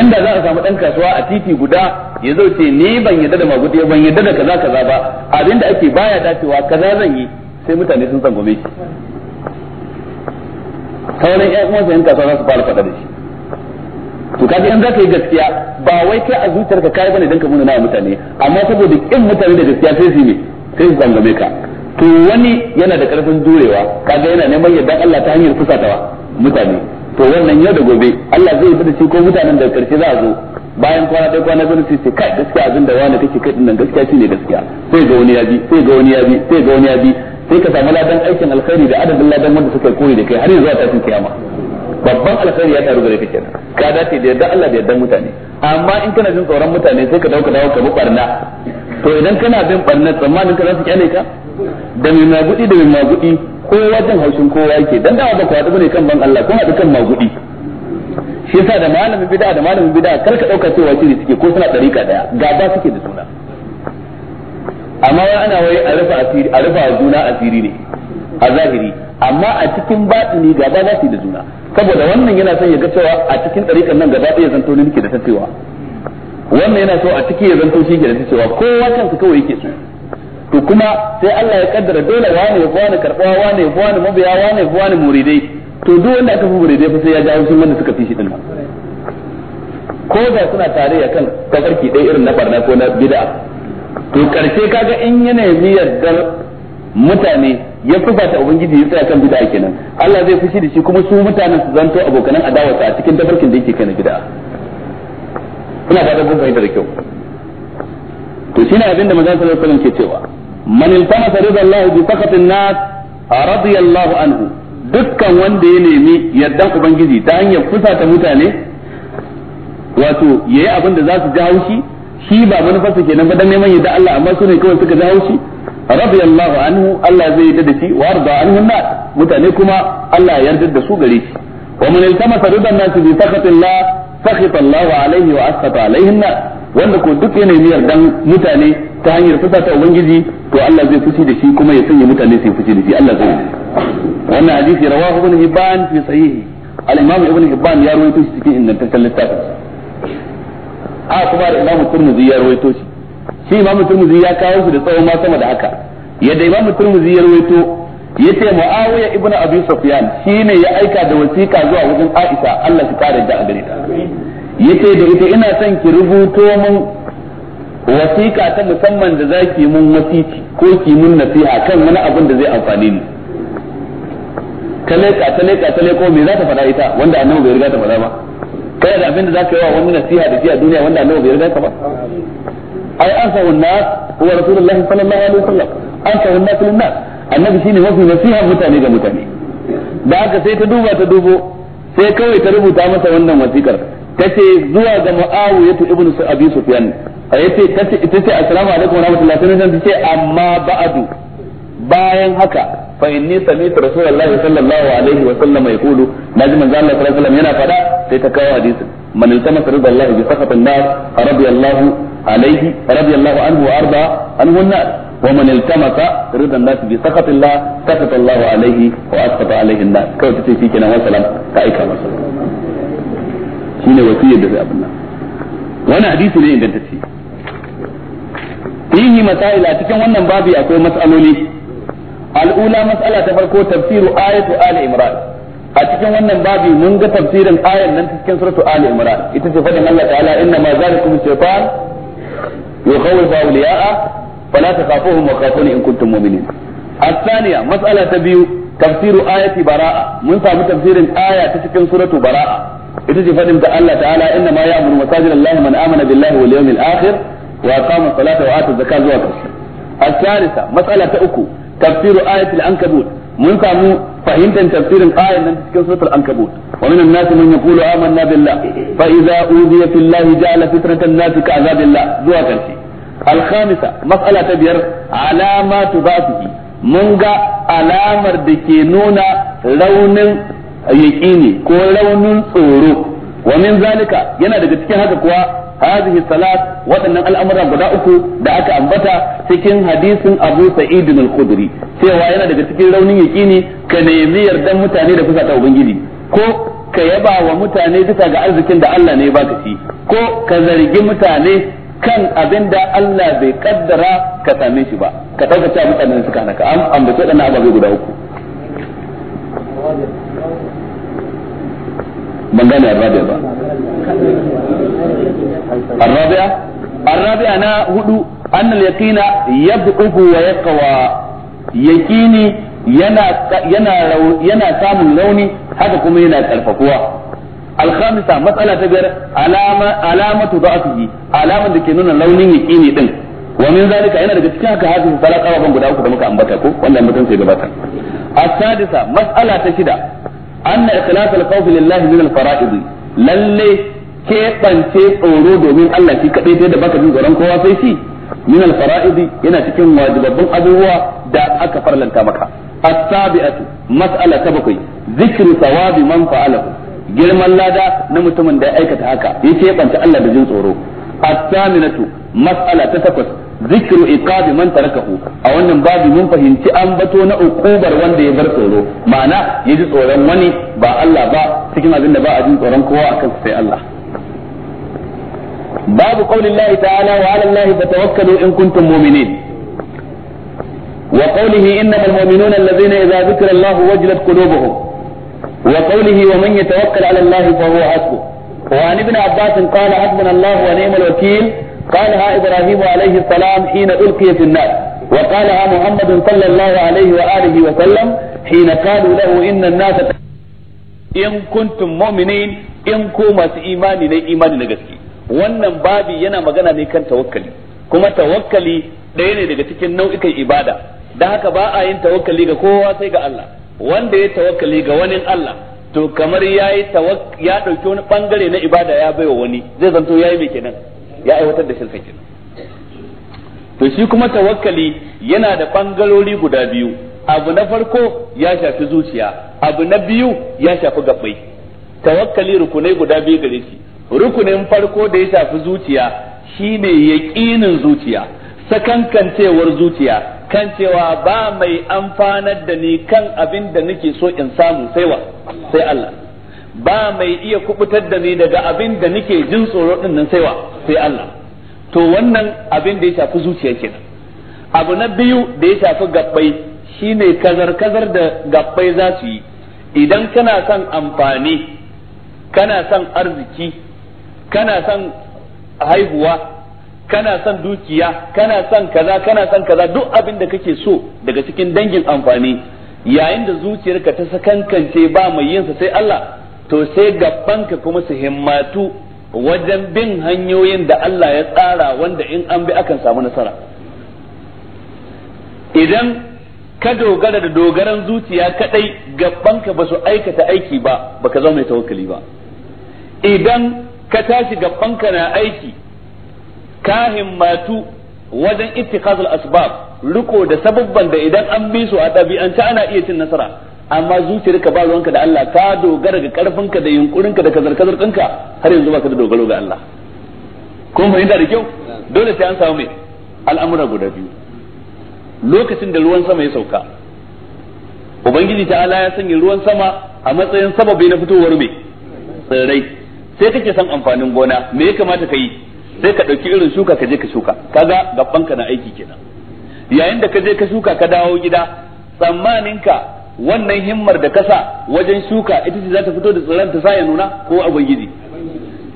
inda za a samu dan kasuwa a titi guda ya zo ce ni ban yarda da magudi ban yarda da kaza kaza ba abinda ake baya dacewa kaza zan yi sai mutane sun tsangwame shi sauran ƴan uwansa yan kasuwa za su fara faɗa da shi to kaga in zaka yi gaskiya ba wai kai a zuciyarka kai bane dan ka muna mutane amma saboda kin mutane da gaskiya sai su ne sai su zangame ka to wani yana da karfin jurewa kaga yana neman yadda Allah ta hanyar fusatawa mutane to wannan yau da gobe Allah zai yi shi ko mutanen da karshe za a zo bayan kwana ɗaya kwana biyu sai ce kai gaskiya abin da wani kake kai dinnan gaskiya shine gaskiya sai ga wani ya bi sai ga wani ya bi sai ga wani ya bi sai ka samu ladan aikin alkhairi da adadin ladan wanda suka koyi da kai har yanzu a tashin kiyama babban alkhairi ya taru gare ka kenan ka dace da yadda Allah da yadda mutane amma in kana jin tsoron mutane sai ka dauka dawo ka bi barna to idan kana bin barna tsammanin ka za su kyale ka da mai magudi da mai magudi kowa jin haushin kowa yake dan da ba ku haɗu bane kan ban Allah ko haɗu kan magudi shi yasa da malamin bid'a da malamin bid'a kar ka dauka cewa ne suke ko suna dariƙa daya gaba suke da suna amma wai ana wai a rufa asiri a rufa juna asiri ne a zahiri amma a cikin batini gaba za su yi da juna saboda wannan yana son ya ga cewa a cikin ɗariƙan nan gaba ɗaya zanto ne nake da ta cewa wannan yana so a ciki ya zanto shi ke da ta cewa kowa kansa kawai yake so to kuma sai Allah ya kaddara dole wane ya wani karɓuwa wane ya wani mabiya wane ya wani muridai to duk wanda aka fi muridai fa sai ya jawo sun wanda suka fi shi din nan ko da suna tare a kan tafarki ɗaya irin na barna ko na bid'a to karshe kaga in yana yardar mutane ya ta ubangiji ya tsaya kan bid'a kenan Allah zai fushi da shi kuma su mutanen su zanto abokan adawa a cikin tafarkin da yake kai na bid'a kuna ba da kun fahimta da kyau to shine abin da manzon sallallahu alaihi wasallam ke cewa man iltamasa rida Allah bi saqatin nas Allah anhu dukkan wanda ya nemi yardan ubangiji ta hanyar fusata mutane wato yayi abin da za su ji haushi shi ba manufarsa kenan ba dan neman yadda Allah amma su ne kawai suka ji haushi radiyallahu anhu Allah zai yarda da shi wa arda kuma Allah ya yarda da su gare shi wa nas bi wanda ko duk yana miyar dan mutane ta hanyar fusa ta ubangiji to Allah zai fushi da shi kuma ya sanya mutane su fushi da shi Allah zai wannan hadisi rawahu ibn hibban fi sahihi al-imam ibn hibban ya rawaito shi cikin a kuma da imam turmuzi ya rawaito shi shi imamu turmuzi ya kawo su da tsawon ma sama da haka yadda imamu turmuzi ya rawaito yace muawiya ibnu abi sufyan shine ya aika da wasiƙa zuwa wajen aisha Allah shi kare da gare ta ce da ita ina son ki rubuto mun wasiƙa ta musamman da zaki mun wasiki ko ki mun nasiha kan wani abin da zai amfane ni ta leƙa ta leƙa ta leƙo me za ta faɗa ita wanda annabi bai riga ta faɗa ba kada da abin da ka yi wa wani nasiha da shi a duniya wanda annabi bai riga ka ba ai asahu annabi shine mafi nasiha mutane ga mutane da sai kawai ta rubuta masa wannan wasikar tace zuwa ga muawiyatu amma ba'du bayan haka fa inni sami'tu rasulullahi sallallahu fada sai ta kawo man iltamasa ridha Allah bi sakhat an-nar radiya Allah alayhi radiya Allah anhu an-nar wa man iltamasa ridha an-nas bi sakhat Allah sakhat wa asqata alayhi an-nar kawai tace shi kenan wa ka aika masa shine wasiyar da zai abin nan wannan hadisi ne ingantacce fihi masaila cikin wannan babi akwai mas'aloli al'ula mas'ala ta farko tafsiru ayatu ali imran a cikin wannan babi mun ga tafsirin ayan nan cikin suratul ali imran ita ce fadin Allah ta'ala inna ma zalikum shaytan yukhawifu awliya'a fala takhafuhum wa khafuni in kuntum mu'minin الثانية مسألة تبيو تفسير آية براءة من سامي تفسير آية تشكن سورة براءة إذا فدمت الله تعالى إنما يأمر مساجد الله من آمن بالله واليوم الآخر وأقام الصلاة وآتى الزكاة الثالثة مسألة أكو تفسير آية العنكبوت mun samu fahimtar tafsirin ayan nan cikin suratul ankabut wa minan nasi man yaqulu amanna billah fa idza udiya fillahi ja'ala fitratan nasi ka azabillah zuwa karshe الخامسة مسألة بير علامات ضعفه mun ga alamar da ke nuna raunin yaƙini ko raunin tsoro wa min zalika yana daga cikin haka kuwa hadhihi salat waɗannan al'amura guda uku da aka ambata cikin hadisin Abu Sa'id al-Khudri cewa yana daga cikin raunin yaqini ka nemi yardan mutane da kusa ta ubangiji ko ka yaba wa mutane bisa ga arzikin da Allah ne ya baka shi ko ka zargi mutane kan abin da Allah bai kaddara ka same shi ba ka dauka cewa mutanen suka hana ka an ambace waɗannan ababe guda uku ban gane arrabiya ba arrabiya arrabiya na hudu anna al-yaqina yab'u wa yaqwa yaqini yana yana yana samun launi haka kuma yana karfafuwa al-khamisa mas'ala ta biyar alama alamatu da'afihi alaman da ke nuna launin yaqini din wa min zalika yana daga cikin haka hadisi salaka ban guda uku da muka ambata ko wanda mutum sai gabata as-sadisa mas'ala ta shida an ikhlas al-khawf lillahi min al lalle keɓance tsoro domin Allah shi kaɗai sai da baka jin tsoron kowa sai shi min al-fara'id yana cikin wajibabbin abubuwa da aka farlanta maka as-sabi'atu mas'ala ta bakwai zikru thawabi man fa'alahu girman lada na mutumin da ya aikata haka ya keɓance Allah da jin tsoro as-saminatu mas'ala ta takwas zikru iqabi man tarakahu a wannan babu mun fahimci an bato na ukubar wanda ya bar tsoro ma'ana ya ji tsoron wani ba Allah ba cikin abin da ba a jin tsoron kowa akan sai Allah babu qaulin Allah ta'ala wa 'ala Allah fatawakkalu in kuntum mu'minin wa qawlihi innamal mu'minuna alladhina idza dhukira Allah wajilat qulubuhum wa qawlihi wa man yatawakkal 'ala Allah fa huwa hasbuh وعن ابن عباس قال حسبنا الله ونعم الوكيل قالها إبراهيم عليه السلام حين ألقي في النار وقالها محمد صلى الله عليه وآله وسلم حين قالوا له إن الناس إن كنتم مؤمنين إن كومت إيماني لي إيماني لغسكي wannan babi yana magana ne kan tawakkali kuma tawakkali ɗaya ne daga cikin nau'ikan ibada da haka ba a yin tawakkali ga kowa sai ga Allah wanda ya tawakkali ga wani Allah to kamar ya yi ya ɗauki wani bangare na ibada ya baiwa wani zai zanto ya yi mai kenan ya aiwatar da shirka kenan to shi kuma tawakkali yana da bangarori guda biyu abu na farko ya shafi zuciya abu na biyu ya shafi gabbai tawakkali rukunai guda biyu gare shi rukunin farko da ya shafi zuciya shine yaqinin zuciya sakankancewar zuciya kan cewa ba mai amfanar da ni kan abin da nake so in samu sai wa sai Allah ba mai iya kubutar da ni daga abin da nake jin tsoro din nan saiwa sai Allah to wannan abin da ya shafi zuciya kenan abu na biyu da ya shafi gabbai shine kazar kazar da gabbai za su yi idan kana son amfani kana son arziki kana son haihuwa kana son dukiya kana son kaza kana son kaza duk abin da kake so daga cikin dangin amfani yayin da zuciyarka ta sakankance ba mai yinsa sai Allah to sai gabanka kuma su himmatu wajen bin hanyoyin da Allah ya tsara wanda in an bi akan samu nasara idan ka dogara da dogaran zuciya kadai gabanka ba su aikata aiki ba baka zama mai tawakkali ba idan ka tashi gabanka na aiki ka himmatu wajen ittikhazul asbab riko da sababban da idan an bi su a ɗabi'anta ana iya cin nasara amma zuciyarka ba ruwanka da Allah ka dogara ga karfinka da yunkurinka da kazar-kazar ɗinka har yanzu ba ka da dogaro ga Allah kun fahimta da kyau dole sai an samu mai al'amura guda biyu lokacin da ruwan sama ya sauka ubangiji ta ala ya sanya ruwan sama a matsayin sababi na fitowar mai tsirrai sai kake san amfanin gona me ya kamata ka yi sai ka ɗauki irin shuka ka je ka shuka kaga gaban na aiki kenan yayin da ka je ka shuka ka dawo gida tsammaninka wannan himmar da kasa wajen shuka ita ce za ta fito da tsiran ta sa nuna ko a ubangiji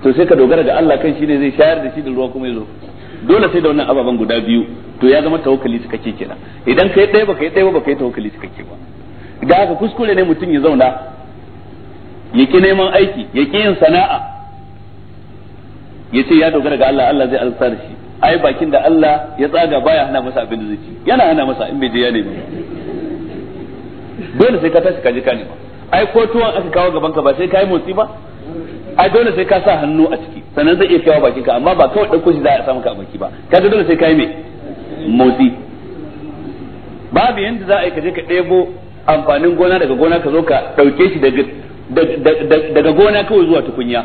to sai ka dogara ga Allah kan shi ne zai shayar da shi da ruwa kuma yazo dole sai da wannan ababen guda biyu to ya zama tawakkali cikakke kenan idan kai ɗaya baka yi ɗaya baka yi tawakkali cikakke ba da haka kuskure ne mutum ya zauna ya ki neman aiki ya ki yin sana'a ya ce ya dogara ga Allah Allah zai alsa da shi ai bakin da Allah ya tsaga baya hana masa abin da zai ci yana hana masa in bai je ya nemi dole sai ka tashi ka je ka nema ai ko tuwon aka kawo gaban ka ba sai ka yi motsi ba ai dole sai ka sa hannu a ciki sannan zai iya kawo bakin ka amma ba kawai dauko shi za a samu ka baki ba ga dole sai ka yi me motsi babu yanda za a yi ka je ka amfanin gona daga gona ka zo ka ɗauke shi daga daga gona kawai zuwa tukunya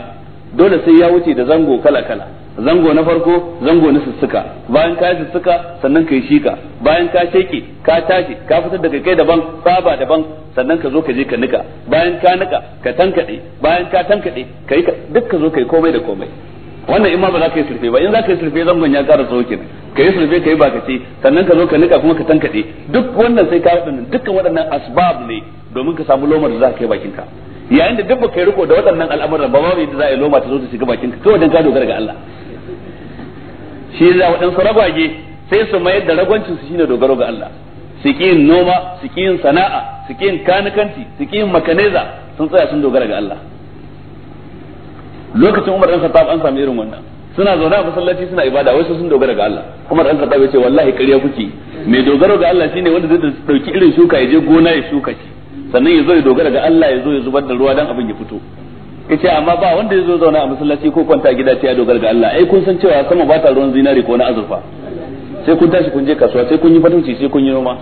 dole sai ya wuce da zango kala kala zango na farko zango na sussuka bayan ka sussuka sannan ka yi shika bayan ka sheke ka tashi ka fitar da kai daban saba daban sannan ka zo ka je ka nika bayan ka nika ka tankade bayan ka tankade ka yi duk ka zo ka yi komai da komai wannan in ma ba za ka yi surfe ba in za ka yi sulfe zangon ya ƙara tsawo kenan ka yi surfe ka yi ce sannan ka zo ka nika kuma ka tankade duk wannan sai ka waɗannan dukkan waɗannan asbab ne domin ka samu lomar da za ka kai bakinka yayin da duk baka riko da waɗannan al'amuran ba babu yadda za a yi loma ta zo ta shiga bakinka kawai dan ka dogara ga Allah shi za waɗansu ragwage sai su mayar da ragwancin su shine dogaro ga Allah su yin noma su yin sana'a su yin kanikanci su yin makaneza sun tsaya sun dogara ga Allah lokacin Umar dan Khattab an samu irin wannan suna zaune a masallaci suna ibada wasu sun dogara ga Allah Umar dan Khattab ya ce wallahi ƙarya kuke mai dogaro ga Allah shine wanda zai dauki irin shuka ya je gona ya shuka shi sannan ya zo ya dogara ga Allah ya zo ya zubar da ruwa dan abin ya fito yace amma ba wanda ya zo zauna a masallaci ko kwanta a gida ta ya dogara ga Allah ai kun san cewa sama ba ta ruwan zinari ko na azurfa sai kun tashi kun je kasuwa sai kun yi fatauci sai kun yi noma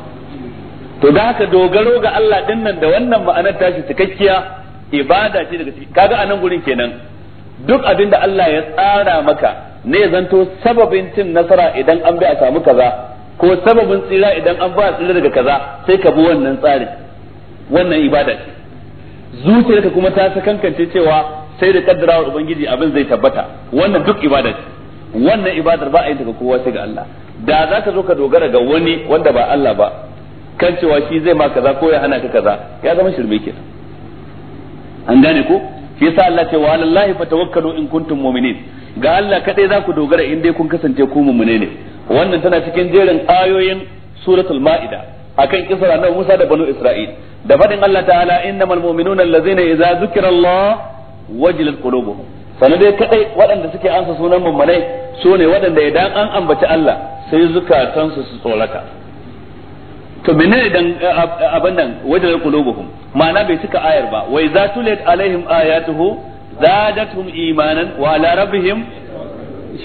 to da haka dogaro ga Allah din da wannan ma'anar tashi cikakkiya ibada ce daga ciki kaga anan gurin kenan duk abin da Allah ya tsara maka ne zanto sababin cin nasara idan an bi a samu kaza ko sababin tsira idan an ba tsira daga kaza sai ka bi wannan tsarin wannan ibada ce zuciyarka kuma ta sakankance cewa sai da kaddarawar ubangiji abin zai tabbata wannan duk ibada ce wannan ibadar ba a yi daga kowa sai ga Allah da za ka zo ka dogara ga wani wanda ba Allah ba kan cewa shi zai ma kaza ko ya hana ka kaza ya zama shirme ke an gane ko shi yasa Allah ce wa alallahi fatawakkalu in kuntum mu'minin ga Allah kadai za ku dogara in dai kun kasance ku mu'mine ne wannan tana cikin jerin ayoyin suratul ma'ida akan kisra na Musa da banu Isra'il da faɗin Allah ta'ala innamal mu'minuna allazina idza zukira Allah wajilat qulubuhum sanan dai kadai waɗanda suke ansa sunan mummunai su ne waɗanda idan an ambaci Allah sai zukatansu su tsorata to menene idan eh, eh, abin nan wajilat qulubuhum ma'ana bai cika ayar ba wa idza tulit alaihim ayatuhu zadatuhum imanan wa ala rabbihim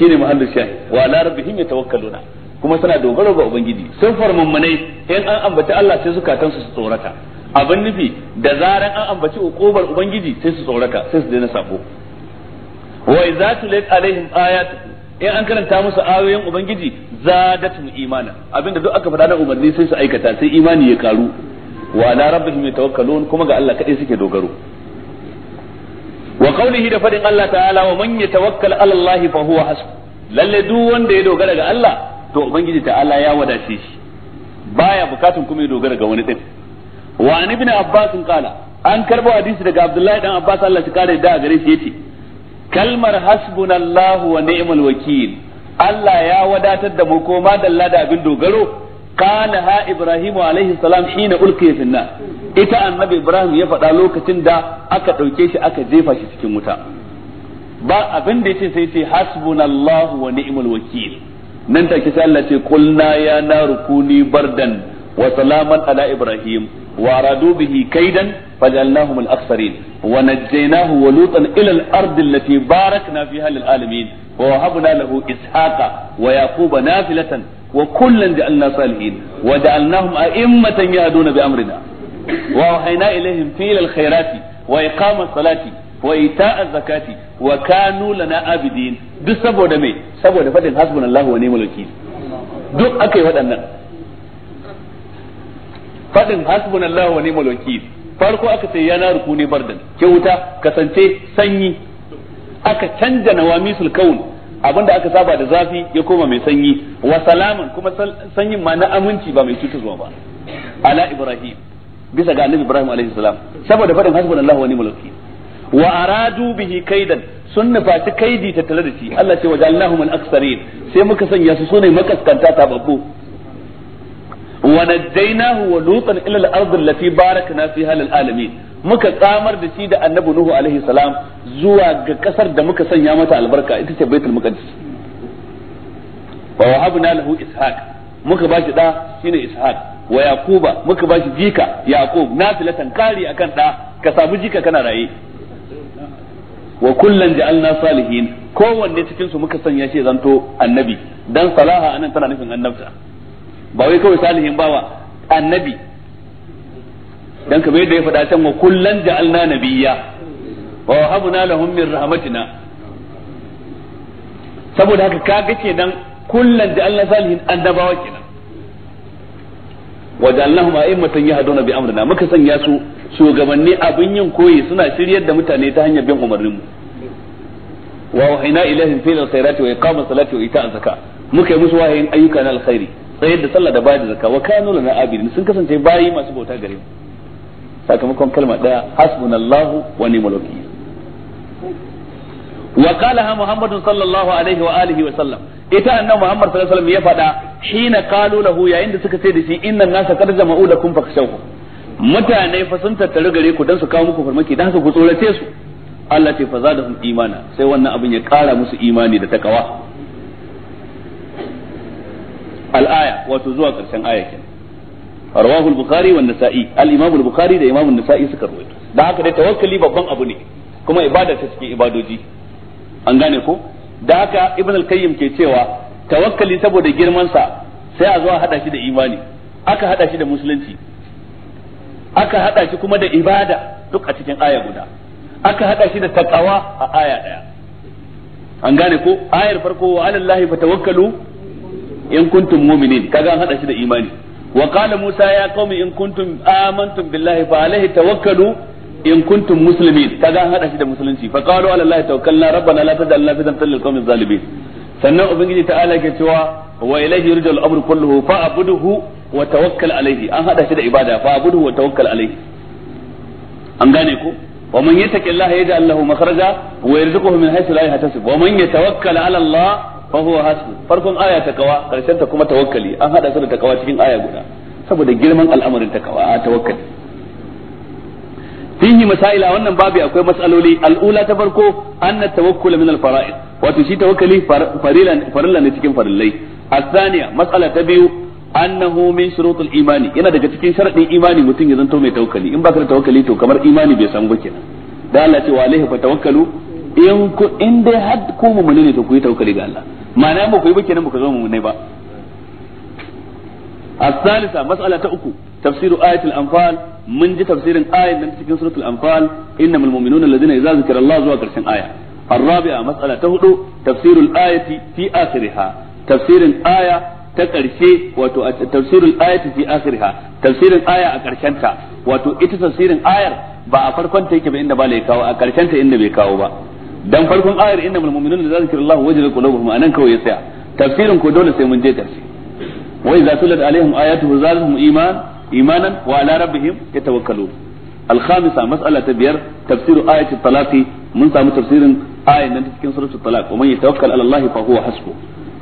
shine muhallu shahi wa ala rabbihim yatawakkaluna kuma suna dogaro ga ubangiji sun farmammanai in an ambaci Allah sai zukatansu su tsorata abin nufi da zaran an ambaci ukubar ubangiji sai su tsoraka sai su daina sako wa idza tulat alaihim ayatu in an karanta musu ayoyin ubangiji zadatum imana abinda duk aka faɗa na umarni sai su aikata sai imani ya karu wa ala rabbihim yatawakkalun kuma ga Allah kadai suke dogaro wa qawlihi da fadin Allah ta'ala wa man yatawakkal ala Allah fa huwa hasb lalle duk wanda ya dogara ga Allah to ubangiji ta'ala ya wadace shi baya bukatun kuma ya dogara ga wani din wa an ibn abbas qala an karbo hadisi daga abdullahi dan abbas Allah ya kare da gare shi yace kalmar hasbunallahu wa ni'mal wakil Allah ya wadatar da mu ko ma dalla da abin dogaro kana ha ibrahim alaihi salam hina ulqiya fi nar ita annabi ibrahim ya faɗa lokacin da aka ɗauke shi aka jefa shi cikin wuta ba abin da yace sai ce hasbunallahu wa ni'mal wakil nan take sai Allah ce qulna ya naru kuni bardan وسلاما على إبراهيم وأرادوا به كيدا فجعلناهم الأخسرين ونجيناه ولوطا إلى الأرض التي باركنا فيها للعالمين ووهبنا له إسحاق ويعقوب نافلة وكلا جعلنا صالحين وجعلناهم أئمة يهدون بأمرنا وأوحينا إليهم فيل الخيرات وإقام الصلاة وإيتاء الزكاة وكانوا لنا آبدين duk saboda me saboda faɗin hasbunallahu wa ni'mal wakil duk akai waɗannan fadin hasbunallahu wa ni'mal wakil farko aka ce ya rukuni kuni bardan ke wuta kasance sanyi aka canja nawamisul kaun abinda aka saba da zafi ya koma mai sanyi wa salaman kuma sanyin ma na aminci ba mai cutarwa ba ala ibrahim bisa ga annabi ibrahim alaihi salam saboda fadin hasbunallahu wa ni'mal wakil wa aradu bihi kaidan sun nufaci kaidi tattare da shi Allah ce wajen Allahumma aksarin sai muka sanya su sune makaskanta tababbu wa najjaynahu wa lutan ila al-ardh allati muka tsamar da shi da annabi nuhu alaihi salam zuwa ga kasar da muka sanya mata albarka ita ce baitul muqaddas wa wahabna lahu ishaq muka bashi da shine ishaq wa yaquba muka bashi jika yaqub nafilatan qari akan da ka samu jika kana raye wa kullan ja'alna salihin kowanne cikin su muka sanya shi zanto annabi dan salaha anan tana nufin annabta ba wai kawai salihin bawa annabi dan kamar yadda ya faɗa can wa kullan ja'alna nabiyya wa habuna lahum min rahmatina saboda haka kaga kenan kullan ja'alna salihin annabawa kenan wa ja'alnahum a'immatan yahduna bi amrina muka sanya su shugabanni abin yin koyi suna shiryar da mutane ta hanyar bin umarnin mu wa wahina ilaihim fil khairati wa iqamati salati wa ita'iz zakat muka yi musu wahayin ayyuka na alkhairi tsayar da sallah da bayar da zakka wa kanu lana abidin sun kasance bayi masu bauta gare mu sakamakon kalma daya hasbunallahu wa ni'mal wakeel wa qalaha muhammadun sallallahu alaihi wa alihi wa sallam ita annabi muhammad sallallahu alaihi wa sallam ya faɗa hina qalu lahu yayin da suka ce da shi innan nasa qad jama'u lakum fakhshawhum mutane fa sun tattaru gare ku dan su kawo muku farmaki dan su ku tsorace su Allah ce fa zadahum imana sai wannan abin ya kara musu imani da takawa Al'aya wato zuwa karshen aya kenan rawahu al-bukhari wa an-nasa'i al-imam al-bukhari da imam an-nasa'i suka rawaito dan haka dai tawakkali babban abu ne kuma ibada ta cikin ibadoji an gane ko da haka ibn al-qayyim ke cewa tawakkali saboda girman sa sai a zo a hada shi da imani aka hada shi da musulunci aka hada shi kuma da ibada duk a cikin aya guda aka hada shi da taqwa a aya daya an gane ko ayar farko wa alallahi fatawakkalu in kuntum mu'minin kaga an hada shi da imani wa qala musa ya qaumi in kuntum amantum billahi fa alaihi tawakkalu in kuntum muslimin kaga an hada shi da musulunci fa qalu ala allahi tawakkalna rabbana la taj'alna fitnatan lil qaumiz zalimin sannan ubangiji ta'ala ke cewa wa ilaihi yurja'u al-amru kulluhu fa abuduhu wa tawakkal alaihi an hada shi da ibada fa abuduhu wa tawakkal alaihi an gane ko ومن يتق الله يجعل له مخرجا ويرزقه من حيث لا يحتسب ومن يتوكل على الله fa huwa hasbu farkon aya ta kawa karshen ta kuma tawakkali an hada su da takawa cikin aya guda saboda girman al'amarin takawa a wannan babu akwai masaloli al'ula ta farko anna tawakkul min al-fara'id الثانية مسألة تبيو imani yana daga cikin sharadin imani mutum ya zanto mai tawakkali in baka da tawakkali to kamar imani bai samu ba in dai had ku mu'mini ne to ku yi tawakkali ga Allah ma'ana ba ku yi ba kenan ba ku zama mummunai ba الثالثة مسألة أكو تفسير آية الأنفال من جي تفسير آية من تكن سورة الأنفال إنما المؤمنون الذين إذا ذكر الله زوا كرشن آية الرابعة مسألة تهدو تفسير الآية في آخرها تفسير آية تكرشي وتو تفسير الآية في آخرها تفسير آية أكرشنتا وتو إت تفسير آية ba a farkon ta yake ba inda ba lai kawo a karshen ta inda bai kawo ba dan farkon ayar innamal mu'minuna la zikrullahi wajadat qulubuhum anan kawai ya tsaya tafsirin ko dole sai mun je karshe wa idza tulat alaihim ayatuhu zadatuhum iman imanan wa ala rabbihim yatawakkalun الخامسة مسألة بير تفسير آية الطلاق من سام تفسير آية نتكين سورة الطلاق ومن A على الله فهو حسبه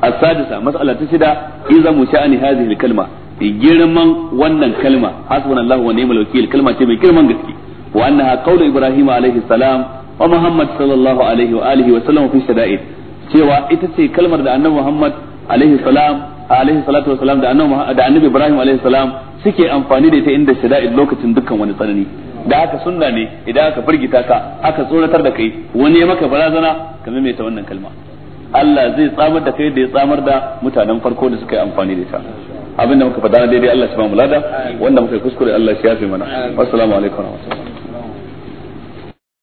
السادسة مسألة تسدى إذا مشأن هذه الكلمة girman wannan kalma hasbunallahu wa ni'mal wakil kalma ce mai girman gaske wa annaha qawlu ibrahim alaihi salam wa Muhammad sallallahu alaihi wa alihi wa sallam fi shada'id cewa ita ce kalmar da annabi Muhammad alaihi salam alaihi salatu wa salam da annabi da annabi Ibrahim alaihi salam suke amfani da ita inda shada'id lokacin dukkan wani tsanani da haka sunna ne idan aka firgita ka aka tsoratar da kai wani ya maka barazana ka mai ta wannan kalma Allah zai tsamar da kai da ya tsamar da mutanen farko da suka yi amfani da ita abinda muka faɗa na daidai Allah shi ba mu lada wanda muka yi kuskure Allah shi yafe mana assalamu alaikum warahmatullahi